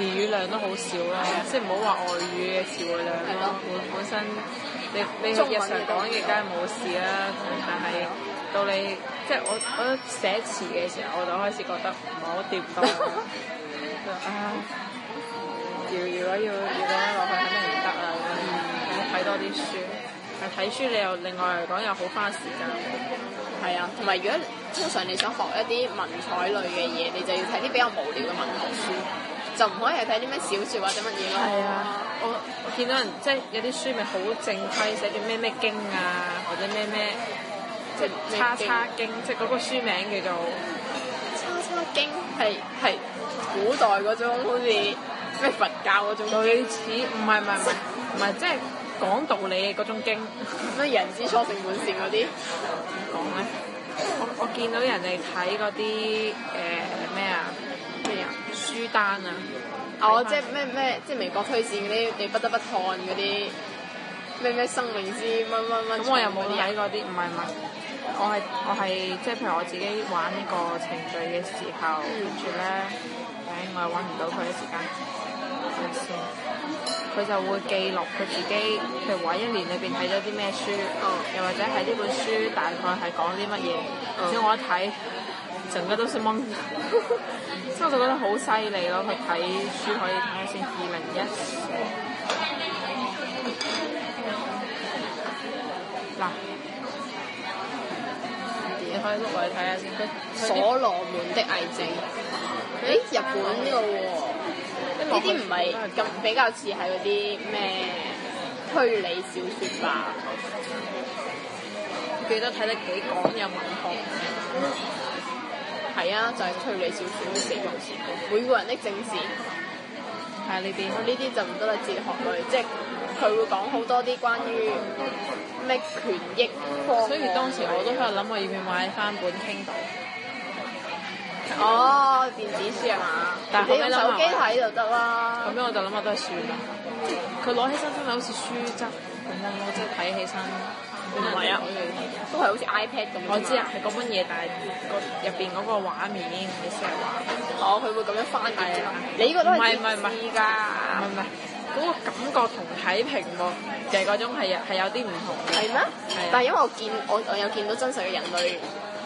詞語量都好少啦，即係唔好話外語嘅詞彙量咯。本 本身你中文你日常講嘅梗係冇事啦，但係到你即係我 我寫詞嘅時候，我就開始覺得唔係好掂到。就唉、 啊，要如果要要咁樣落去，肯定唔得啊！咁睇、嗯、多啲書，但睇書你又另外嚟講又好花時間。係 啊，同埋如果通常你想學一啲文采類嘅嘢，你就要睇啲比較無聊嘅文學書。就唔可以係睇啲咩小説或者乜嘢咯。係啊。我我見到人即係有啲書咪好正規，寫住咩咩經啊或者咩咩，即係叉叉經，即係嗰個書名叫做叉叉經。係係古代嗰種好似咩佛教嗰種類似，唔係唔係唔係即係講道理嗰種經，咩人之初性本善嗰啲。點講咧？我我見到人哋睇嗰啲誒咩啊咩啊？書單啊！哦、oh，即係咩咩，即係微博推薦啲，你不得不看嗰啲，咩咩生命之乜乜乜。咁我又冇睇嗰啲，唔係唔係，我係我係即係譬如我自己玩呢個程序嘅時候，跟住咧，誒、哎、我又揾唔到佢嘅時間，先？佢就會記錄佢自己，譬如話一年裏邊睇咗啲咩書，oh. 又或者係呢本書大概係講啲乜嘢。之後、oh. 我一睇，成個都識蚊。 所以就覺得好犀利咯，佢睇書可以睇下先，二零一四。嗱、嗯，點開碌嚟睇下先，佢《所羅門的偽證》。誒、欸，日本㗎喎，啊，呢啲唔係咁比較似係嗰啲咩推理小説吧？記得睇得幾廣有文學，係 啊，就係、是、推理小說啲死亡事故，每個人的正史，係啊呢啲。呢啲 就唔得啦，哲學類， 即係佢會講好多啲關於咩權益。所以當時我都喺度諗，我要唔要買翻本 Kindle？哦，電子書啊嘛！但係你用手機睇就得啦。咁樣我就諗下都係算啦。佢攞 起身真係好似書質，咁樣我真係睇起身。唔係啊，我哋都係好似 iPad 咁。我知啊，係嗰本嘢，但係個入邊嗰個畫面，畫面，你識話？哦，佢會咁樣翻大。你呢個都係唔知㗎。唔係唔係，嗰個感覺體同睇屏喎，就係嗰種係係有啲唔同。係咩、啊？係。但係因為我見我我有見到真實嘅人類。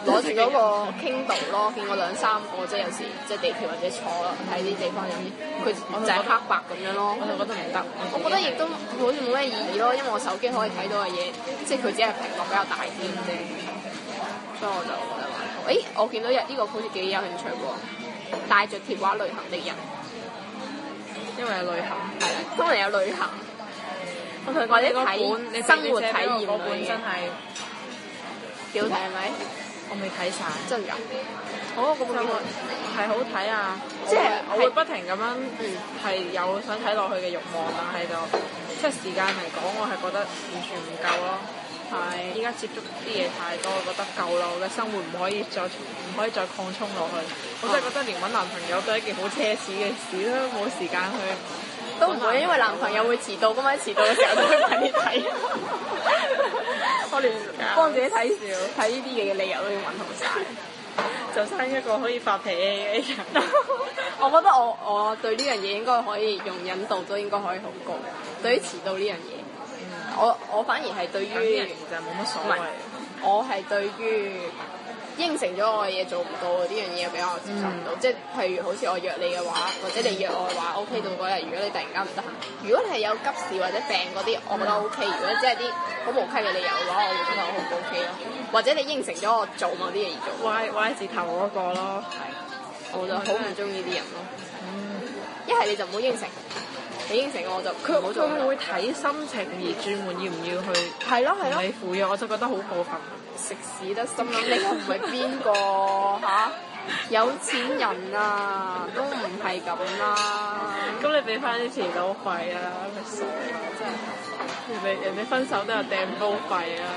攞住嗰個 Kindle 咯，見過兩三個，即係有時即係地鐵或者坐喺啲地方有啲，佢就係黑白咁樣咯。我就覺得唔得， 我覺得亦都好似冇咩意義咯，因為我手機可以睇到嘅嘢，即係佢只係屏幕比較大啲咁啫。所以我就覺得誒，我見到有呢個好似幾有興趣喎，帶著鐵畫旅行的人，因為有旅行係啊，因為有旅行，旅行我同你講啲睇，生活體驗本身係幾好睇，係咪？我未睇晒，真、哦、㗎，我覺得佢係好睇啊！即係我會不停咁樣，係、嗯、有想睇落去嘅慾望、啊，但係就即、是、係時間嚟講，我係覺得完全唔夠咯。係，依家接觸啲嘢太多，我覺得夠啦！我嘅生活唔可以再唔可以再擴充落去。我真係覺得連揾男朋友都係一件好奢侈嘅事啦，冇時間去。都唔會，因為男朋友會遲到噶嘛，遲到嘅時候都去你睇，我連 幫自己睇笑，睇呢啲嘢嘅理由都要問好晒， 就生一個可以發脾氣嘅人。 我覺得我我對呢樣嘢應該可以容忍度都應該可以好高。對於遲到呢樣嘢，Yeah. 我我反而係對於就冇乜所謂。我係對於，人 應承咗我嘅嘢做唔到呢樣嘢，我比較接受唔到。嗯、即係譬如好似我約你嘅話，或者你約我嘅話，OK 到嗰日。如果你突然間唔得閒，如果你係有急事或者病嗰啲，我覺得 OK。如果只係啲好無稽嘅理由嘅話，我會覺得我好唔 OK 咯。或者你應承咗我做某啲嘢而做，歪歪字頭嗰、嗰個咯，我就好唔中意啲人咯。一係你就唔好應承，你應承我就佢唔好做。佢會睇心情而專門要唔要去？係咯係咯。你赴約我就覺得好過分。的食屎得心諗，你又唔係邊個嚇？有錢人啊，都唔係咁啦。咁你俾翻啲賠刀費啊！佢傻、啊、真，人哋人哋分手都有掟煲費啊！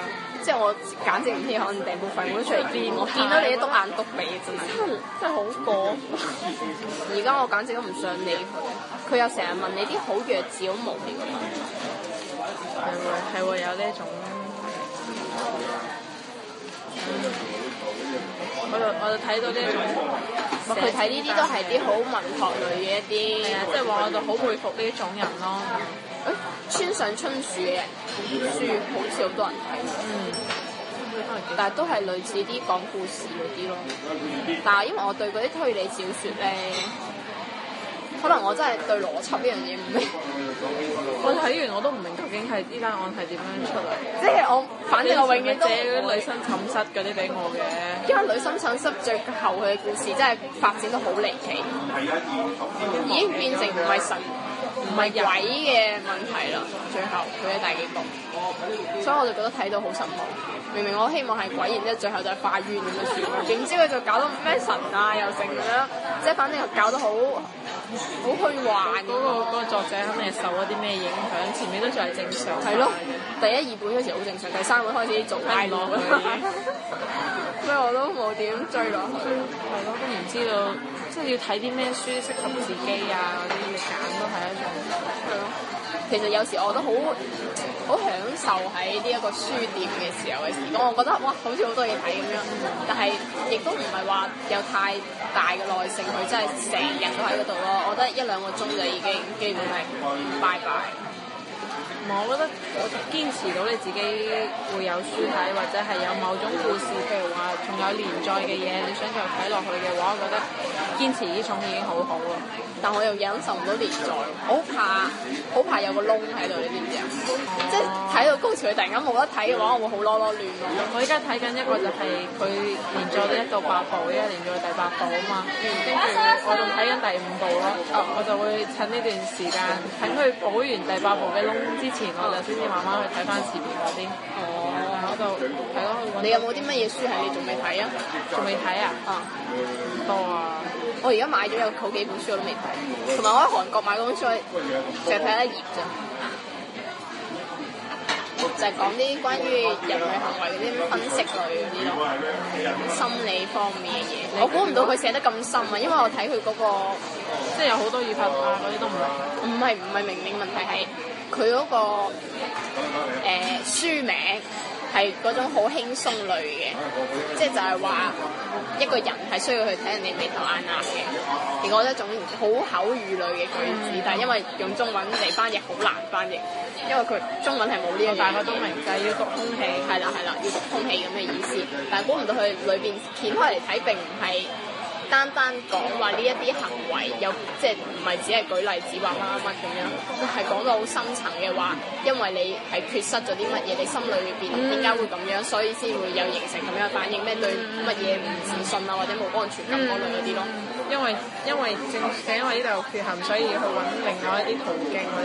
即係我簡直唔知可能掟煲費會隨便，嗯、我見到你都眼篤鼻真係，真係好過。而家我簡直都唔想理佢，佢又成日問你啲好弱智好無聊嘅問題。係喎係喎，有呢一種。嗯嗯嗯嗯、我就我就睇到呢一種，佢睇呢啲都係啲好文學類嘅一啲，嗯、即係話我就好佩服呢種人咯。誒、哎，村上春樹嘅書好似好多人睇，嗯，嗯，但係都係類似啲講故事嗰啲咯。但係因為我對嗰啲推理小説咧，欸、可能我真係對邏輯呢樣嘢唔明。我睇完我都唔明究竟係呢單案係點樣出嚟。即係我，反正我永遠都係嗰啲女生寢室嗰啲俾我嘅。因為女生寢室最後佢嘅故事真係發展得好離奇，已、已經變成唔係神。唔係鬼嘅問題啦，最後佢喺大結局。所以我就覺得睇到好失望。明明我希望係鬼，然之後最後就化冤咁樣，點知佢就搞到咩神啊又成咁樣，即係反正又搞得好好虛幻。嗰、嗰個嗰個作者肯定係受咗啲咩影響，前面都仲係正常啊。係咯，第一二本嗰時好正常，第三本開始做大落佢。咩 我都冇點追落去。係咯，都唔知道。即係要睇啲咩書適合自己啊！嗰啲嘢揀都係一種係咯、嗯。其實有時我都好，好享受喺呢一個書店嘅時候嘅時光。我覺得哇，好似好多嘢睇咁樣，但係亦都唔係話有太大嘅耐性，佢真係成日都喺嗰度咯。我覺得一兩個鐘就已經基本係拜拜。我覺得，我堅持到你自己會有書睇，或者係有某種故事，譬如話仲有連載嘅嘢，你想再睇落去嘅話，我覺得堅持呢種已經好好啦。但我又忍受唔到連載，好怕好怕有個窿喺度，你知唔知啊？即係睇到高潮佢突然間冇得睇嘅話，我會好囉囉亂咯。我而家睇緊一個就係佢連載咗一到八部，依家連載第八部啊嘛，跟住我仲睇緊第五部咯。啊、我就會趁呢段時間，等佢補完第八部嘅窿之前，我就先至慢慢去睇翻前面嗰邊。哦，我就係咯。你有冇啲乜嘢書係你仲未睇啊？仲未睇啊？啊，唔多啊。我而家買咗有好幾本書我都未睇，同埋我喺韓國買嗰本書，我淨係睇得一頁咋，嗯、 就係講啲關於人類行為嗰啲分析類啲心理方面嘅嘢。嗯、我估唔到佢寫得咁深啊，因為我睇佢嗰個，即係有好多語法啊嗰啲都唔係，唔係唔係明明問題係佢嗰個誒、呃、書名。係嗰種好輕鬆類嘅，即係就係、是、話一個人係需要去睇人哋眉頭眼額嘅，而我覺得種好口語類嘅句子，但係因為用中文嚟翻譯好難翻譯，因為佢中文係冇呢一個。 大概都明，就係要讀空氣，係啦係啦，要讀空氣咁嘅意思，但係估唔到佢裏邊揭開嚟睇並唔係。單單講話呢一啲行為有即係唔係只係舉例子話乜乜乜咁樣，係講到好深層嘅話，因為你係缺失咗啲乜嘢，你心裏邊點解會咁樣，嗯、所以先會有形成咁樣嘅反應咩、嗯、對乜嘢唔自信啊或者冇安全感嗰、嗯、類嗰啲咯。因為正因為正因為呢度有缺陷，所以要去揾另外一啲途徑去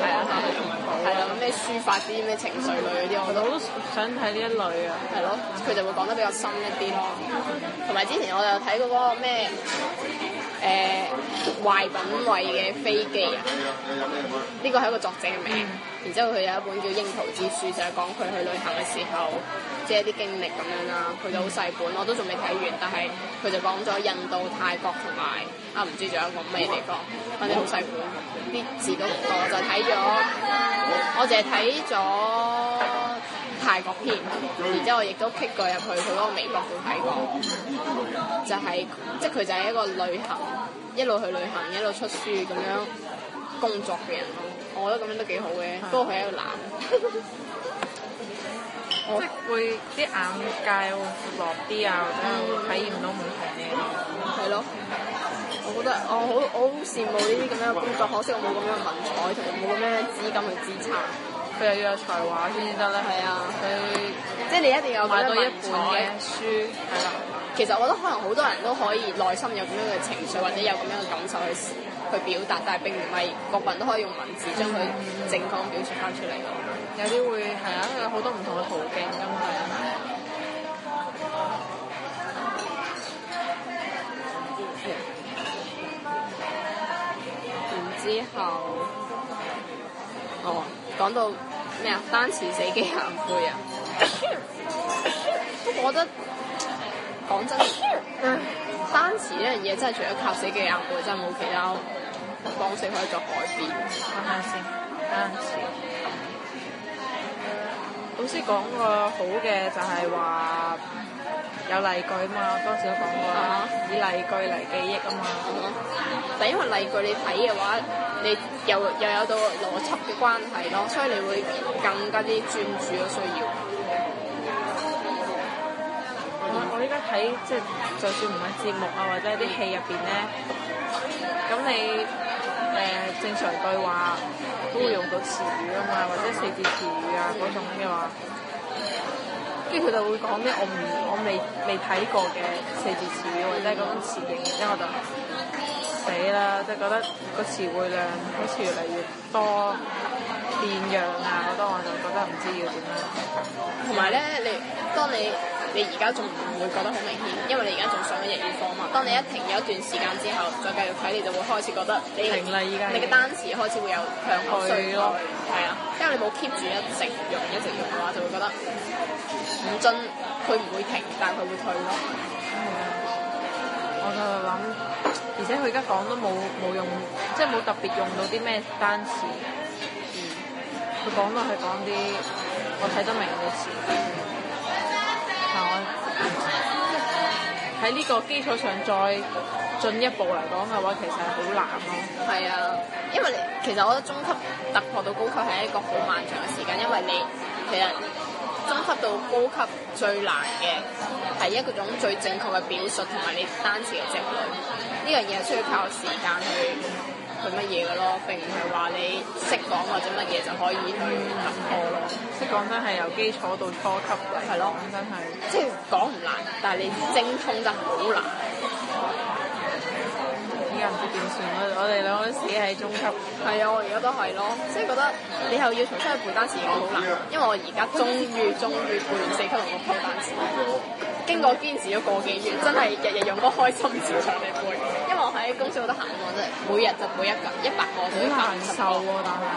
同佢講，咩抒發啲咩情緒類嗰啲，我覺得都想睇呢一類啊。係咯，佢就會講得比較深一啲咯。同埋之前我就睇過嗰個咩。誒壞、呃、品味嘅飛機啊！呢個係一個作者嘅名，然之後佢有一本叫《櫻桃之書》，就係講佢去旅行嘅時候，即係啲經歷咁樣啦。佢就好細本，我都仲未睇完，但係佢就講咗印度、泰國同埋啊，唔知仲有一個咩地方。反正好細本，啲 字都唔多，就睇咗，我淨係睇咗。泰國片，然之後亦都 kick 過入去佢嗰個微博度睇過，就係、是、即係佢就係一個旅行，一路去旅行，一路出書咁樣工作嘅人咯。我覺得咁樣都幾好嘅，不過佢係一個男。即係會啲眼界會落啲啊，或者會體驗到唔同嘅嘢。係咯，我覺得我好好羨慕呢啲咁樣嘅工作，可惜我冇咁樣嘅文采，同埋冇咁樣嘅資金去支撐。佢又要有才華先至得啦，係啊、嗯，佢即係你一定要買到一本嘅書，係啦。其實我覺得可能好多人都可以內心有咁樣嘅情緒或者有咁樣嘅感受去去表達，但係並唔係個個人都可以用文字將佢正確咁表達翻出嚟咯、嗯。有啲會係啊，佢有好多唔同嘅途徑，咁係啊。然之後，哦。講到咩啊？單詞死記硬背啊！不過我覺得講真，嗯、呃，單詞呢樣嘢真係除咗靠死記硬背，真係冇其他方式可以作改變。等下、啊、先看看，單詞、嗯、老師講個好嘅就係話。有例句啊嘛，當時都講過啦，嗯、以例句嚟記憶啊嘛。嗯、但因為例句你睇嘅話，你又又有到邏輯嘅關係咯，所以你會更加啲專注嘅需要。嗯、我依家睇即係就算唔係節目啊，或者啲戲入邊咧，咁你誒、呃、正常對話都會用到詞語啊嘛，或者四字詞語啊嗰種嘅話。跟住佢就會講啲我唔我未未睇過嘅四字詞語，或者嗰種詞形。因為我就死啦，即係覺得個詞彙量好似越嚟越多變樣啊，嗰啲我就覺得唔知要點樣。同埋咧，你當你你而家仲唔會覺得好明顯，因為你而家仲上咗日語課嘛。當你一停咗一段時間之後，嗯、再繼續睇你就會開始覺得你停啦依家。你嘅單詞開始會有向退咯，係啊，因為你冇 keep 住一直用一直用嘅話，就會覺得唔進佢唔會停，但係佢會退咯、嗯。我就諗，而且佢而家講都冇冇用，即係冇特別用到啲咩單詞。嗯，佢講到係講啲我睇得明嘅詞。喺呢個基礎上再進一步嚟講嘅話，其實係好難咯啊。係啊，因為你其實我覺得中級突破到高級係一個好漫長嘅時間，因為你其實中級到高級最難嘅係一個種最正確嘅表述同埋你單詞嘅積累，呢樣嘢需要靠時間去。佢乜嘢嘅咯，並唔係話你識講或者乜嘢就可以去突破咯。識講真係由基礎到初級嘅。係咯了，真係即係講唔難，但係你精通真係好難。依家唔知點算啦！我哋兩個死喺中級。係 啊，我而家都係咯，即係覺得你又要重新去背單詞，好難。 因為我而家終於 終於背完四級同六級單詞。 經過堅持咗個幾月，真係日日用都開心至曬嚟背。因為我喺公司冇得行喎真係，每日就背一個，一百個，好難受喎。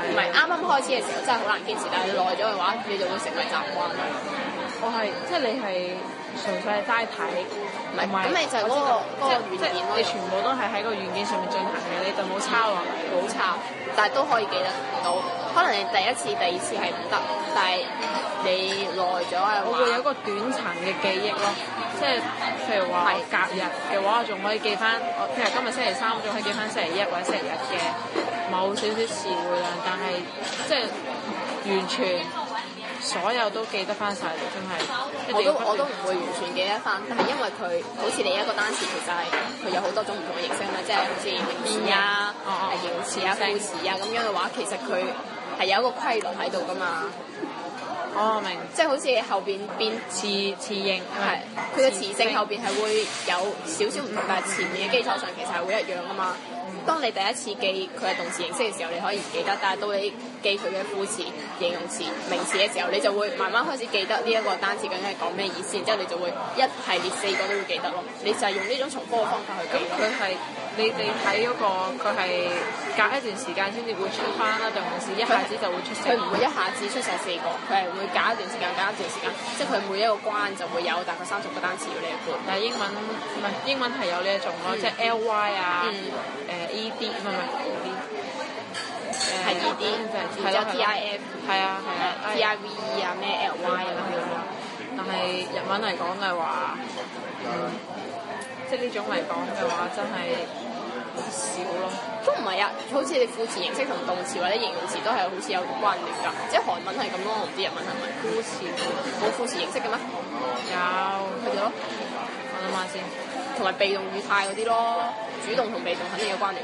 唔係啱啱開始嘅時候真係好難堅持，但係耐咗嘅話，你就會成為習慣啦。我係即係你係純粹係齋睇。咁你就嗰、那個軟件咯。你全部都係喺個軟件上面進行嘅，你就冇抄啊，冇抄。但係都可以記得到，嗯、可能你第一次、第二次係唔得，是但係你耐咗啊，我會有一個短層嘅記憶咯。即、就、係、是、譬如話隔日嘅話，仲是可以記翻，譬如今日星期三，仲可以記翻星期一或者星期日嘅某少少詞彙量，但係即係完全。完全所有都記得翻晒，真係我都我都唔會完全記得翻，但係因為佢好似你一個單詞，其實係佢有好多種唔同嘅形式啦，即係好似名詞啊、形詞啊、副詞啊咁樣嘅話，其實佢係有一個規律喺度噶嘛。哦，明，即係好似後邊變詞詞形，係佢嘅詞性後邊係會有少少唔同，嗯嗯、但係前面嘅基礎上其實係會一樣噶嘛。嗯、當你第一次記佢係動詞形式嘅時候，你可以唔記得，但係到你記佢嘅副詞、形容詞、名詞嘅時候，你就會慢慢開始記得呢一個單詞究竟係講咩意思，然之後你就會一系列四個都會記得咯。你就係用呢種重複嘅方法去記。佢係你哋睇嗰個，佢係隔一段時間先至會出翻啦，定還是一下子就會出曬？佢唔會一下子出晒四個，佢係會隔一段時間，隔一段時間，即係佢每一個關就會有大概三十個單詞要你背。但係英文唔係英文係有呢一種咯，嗯、即係 L Y 啊，誒 E D 唔係唔係？係呢啲，係有 T I F，係啊係啊 T I V E 啊咩 L Y 啊嗰啲咯。但係日文嚟講嘅話，即係呢種嚟講嘅話真係少咯。都唔係啊，好似你副詞形式同動詞或者形容詞都係好似有關聯㗎。即係韓文係咁咯，唔知日文係咪副詞冇副詞形式嘅咩？有，繼續咯。諗下先。同埋被動語態嗰啲咯，主動同被動肯定關、啊呢個、有關聯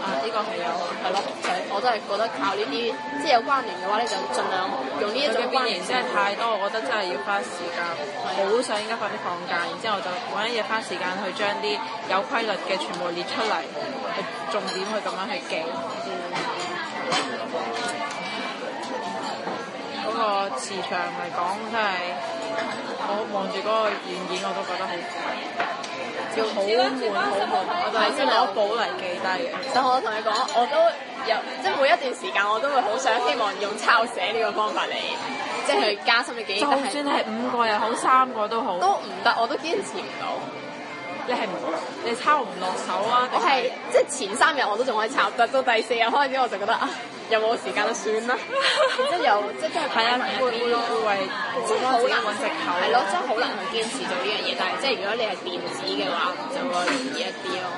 啊，呢個係有，係咯的，就我都係覺得靠呢啲，即有關聯嘅話咧，你就盡量用呢一種關聯。真係太多，我覺得真係要花時間。好的想應該快啲放假，然之後就每一日花時間去將啲有規律嘅全部列出嚟，重點去咁樣去記。嗰的個時長嚟講，真係。我望住嗰個軟件，我都覺得好悶，好悶，好悶。悶嗯、我就係先攞簿嚟記低嘅。就我同你講，我都有即係每一段時間，我都會好想希望用抄寫呢個方法嚟，即係是去加深你記憶。是就算係五個又好，三個都好，都唔得，我都堅持唔到。你係唔你抄唔落手啊？我係即係前三日我都仲可以抄得，到第四日開始我就覺得。有冇時間都算啦，即係有，即係都係攰咯，因為咁樣好難揾食咯，即係好難去堅持做呢樣嘢。但係即係如果你係電子嘅話，就會易一啲咯。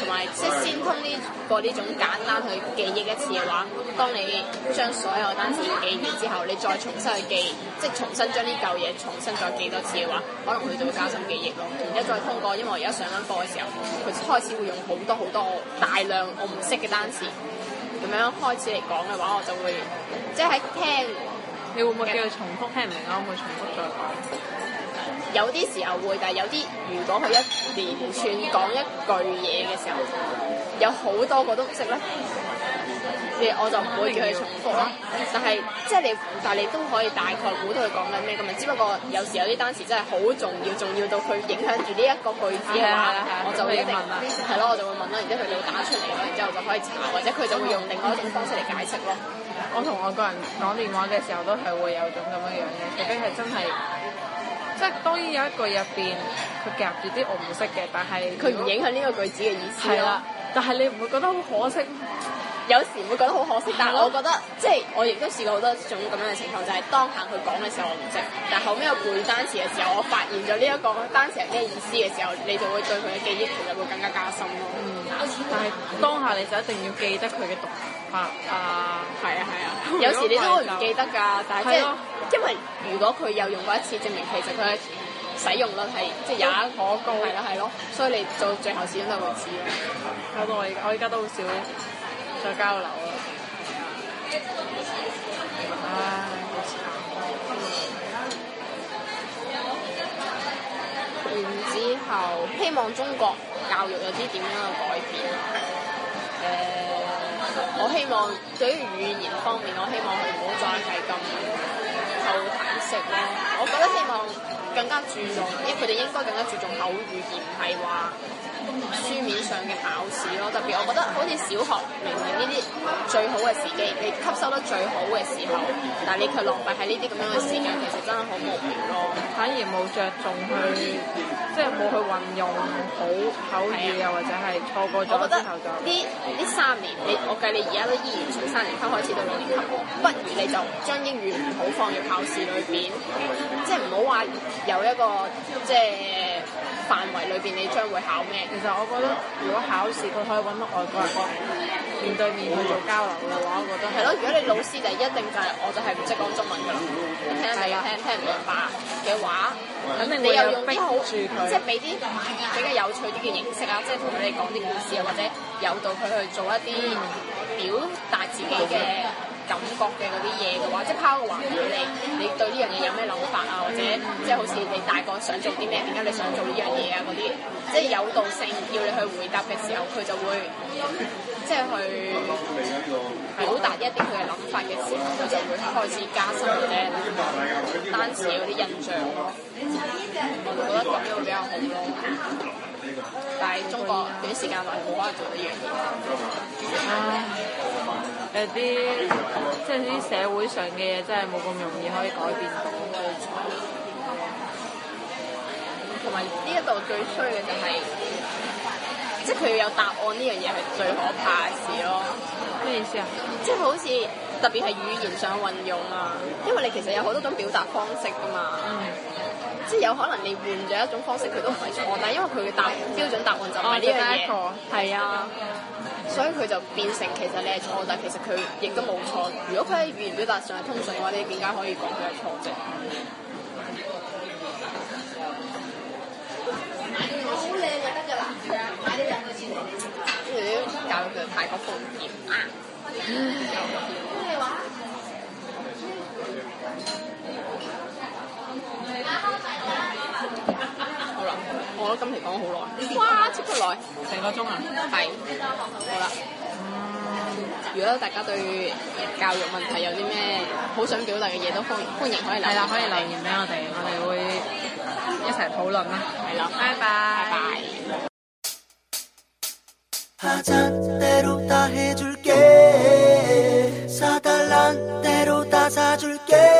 同埋即係先通呢個呢種簡單去記憶一次嘅話，當你將所有嘅單詞記完之後，你再重新去記，即係重新將呢嚿嘢重新再記多次嘅話，可能會做到加深記憶咯。然之後再通過，因為我而家上緊課嘅時候，佢開始會用好多好多大量我唔識嘅單詞。咁樣開始嚟講嘅話，我就會即係、就是、聽。你會唔會叫佢重複聽唔明啊？我會重複再講。有啲時候會，但係有啲如果佢一連串講一句嘢嘅時候，有好多個都唔識咧。我就唔會叫佢重複啦，但係即係你，但係你都可以大概估到佢講緊咩咁啊。只不過有時有啲單詞真係好重要，重要到佢影響住呢一個句子嘅話，我就會問，係咯、嗯，我就會問啦。然之後佢就會打出嚟，然之後就可以查，或者佢就會用另外一種方式嚟解釋咯。我同外國人講電話嘅時候都係會有種咁嘅樣嘅，除非係真係，即係當然有一句入邊佢夾住啲我唔識嘅，但係佢唔影響呢個句子嘅意思咯。係啦，但係你唔會覺得好可惜？有時會覺得好可惜，但係我覺得即係我亦都試過好多種咁樣嘅情況，就係當下佢講嘅時候我唔識，但係後尾我背單詞嘅時候，我發現咗呢一個單詞係咩意思嘅時候，你就會對佢嘅記憶其實會更加加深咯。但係當下你就一定要記得佢嘅讀法啊，係啊係啊，有時你都唔記得㗎，但係即係因為如果佢又用過一次，證明其實佢使用率係即係有一可高，係咯係咯，所以你做最後始終都係會試嘅。有到我，我而家都好少。再交流啊！唉，好慘啊！然之後，希望中國教育有啲點樣嘅改變啊！Uh, 我希望對於語言方面，我希望佢唔好再係咁靠體式咯。我覺得希望更加注重，因為佢哋應該更加注重口語，而唔係話，書面上嘅考試咯，特別我覺得好似小學、明年呢啲最好嘅時機，你吸收得最好嘅時候，但係你卻浪費喺呢啲咁樣嘅時間，其實真係好無聊咯。反而冇着重去，即係冇去運用好口語，又的或者係錯過咗之後就啲呢三年，你我計你而家都依然從三年級開始到六年級，不如你就將英語唔好放入考試裏邊，即係唔好話有一個即係範圍裏邊你將會考咩？其實我覺得，如果考試佢可以揾到外國人過面對面去做交流嘅話，我覺得係咯。如果你老師就一定就係，我就係唔識講中文嘅，聽得聽聽唔明白嘅話，肯定你又逼好處佢，即係俾啲比較有趣啲嘅形式啊，即係同佢哋講啲故事啊，或者誘導佢去做一啲表達自己嘅。嗯嗯感覺嘅嗰啲嘢嘅話，即係拋個話題你，你對呢樣嘢有咩諗法啊？或者即係好似你大個想做啲咩？點解你想做呢樣嘢啊？嗰啲即係有道性要你去回答嘅時候，佢就會即係去表達一啲佢嘅諗法嘅時候，佢就會開始加深佢單詞嗰啲印象咯。我就覺得咁樣會比較好咯，但係中國短時間內冇可能做呢樣嘢。啊。有啲即係啲社會上嘅嘢，真係冇咁容易可以改變到。同埋呢一度最衰嘅就係，即係佢要有答案呢樣嘢係最可怕嘅事咯。咩意思啊？即係好似特別係語言上運用啊，因為你其實有好多種表達方式㗎嘛。嗯即係有可能你換咗一種方式，佢都唔係錯，但係因為佢嘅答標準答案、哦、就係呢樣嘢，係啊，所以佢就變成其實你係錯，但其實佢亦都冇錯。如果佢喺語言表達上係通順嘅話，你點解可以講佢係錯啫？好靚就得㗎啦，買啲靚嘅字嚟。啲教育嘅太講顧念，咩話？好啦，我覺得今期講咗好耐。哇，超耐，成個鐘啊！係，好啦。嗯，如果大家對教育問題有啲咩好想表達嘅嘢，都歡迎歡迎可以嚟。係啦，可以留言俾我哋，我哋會一齊討論啦。係啦，拜拜。拜。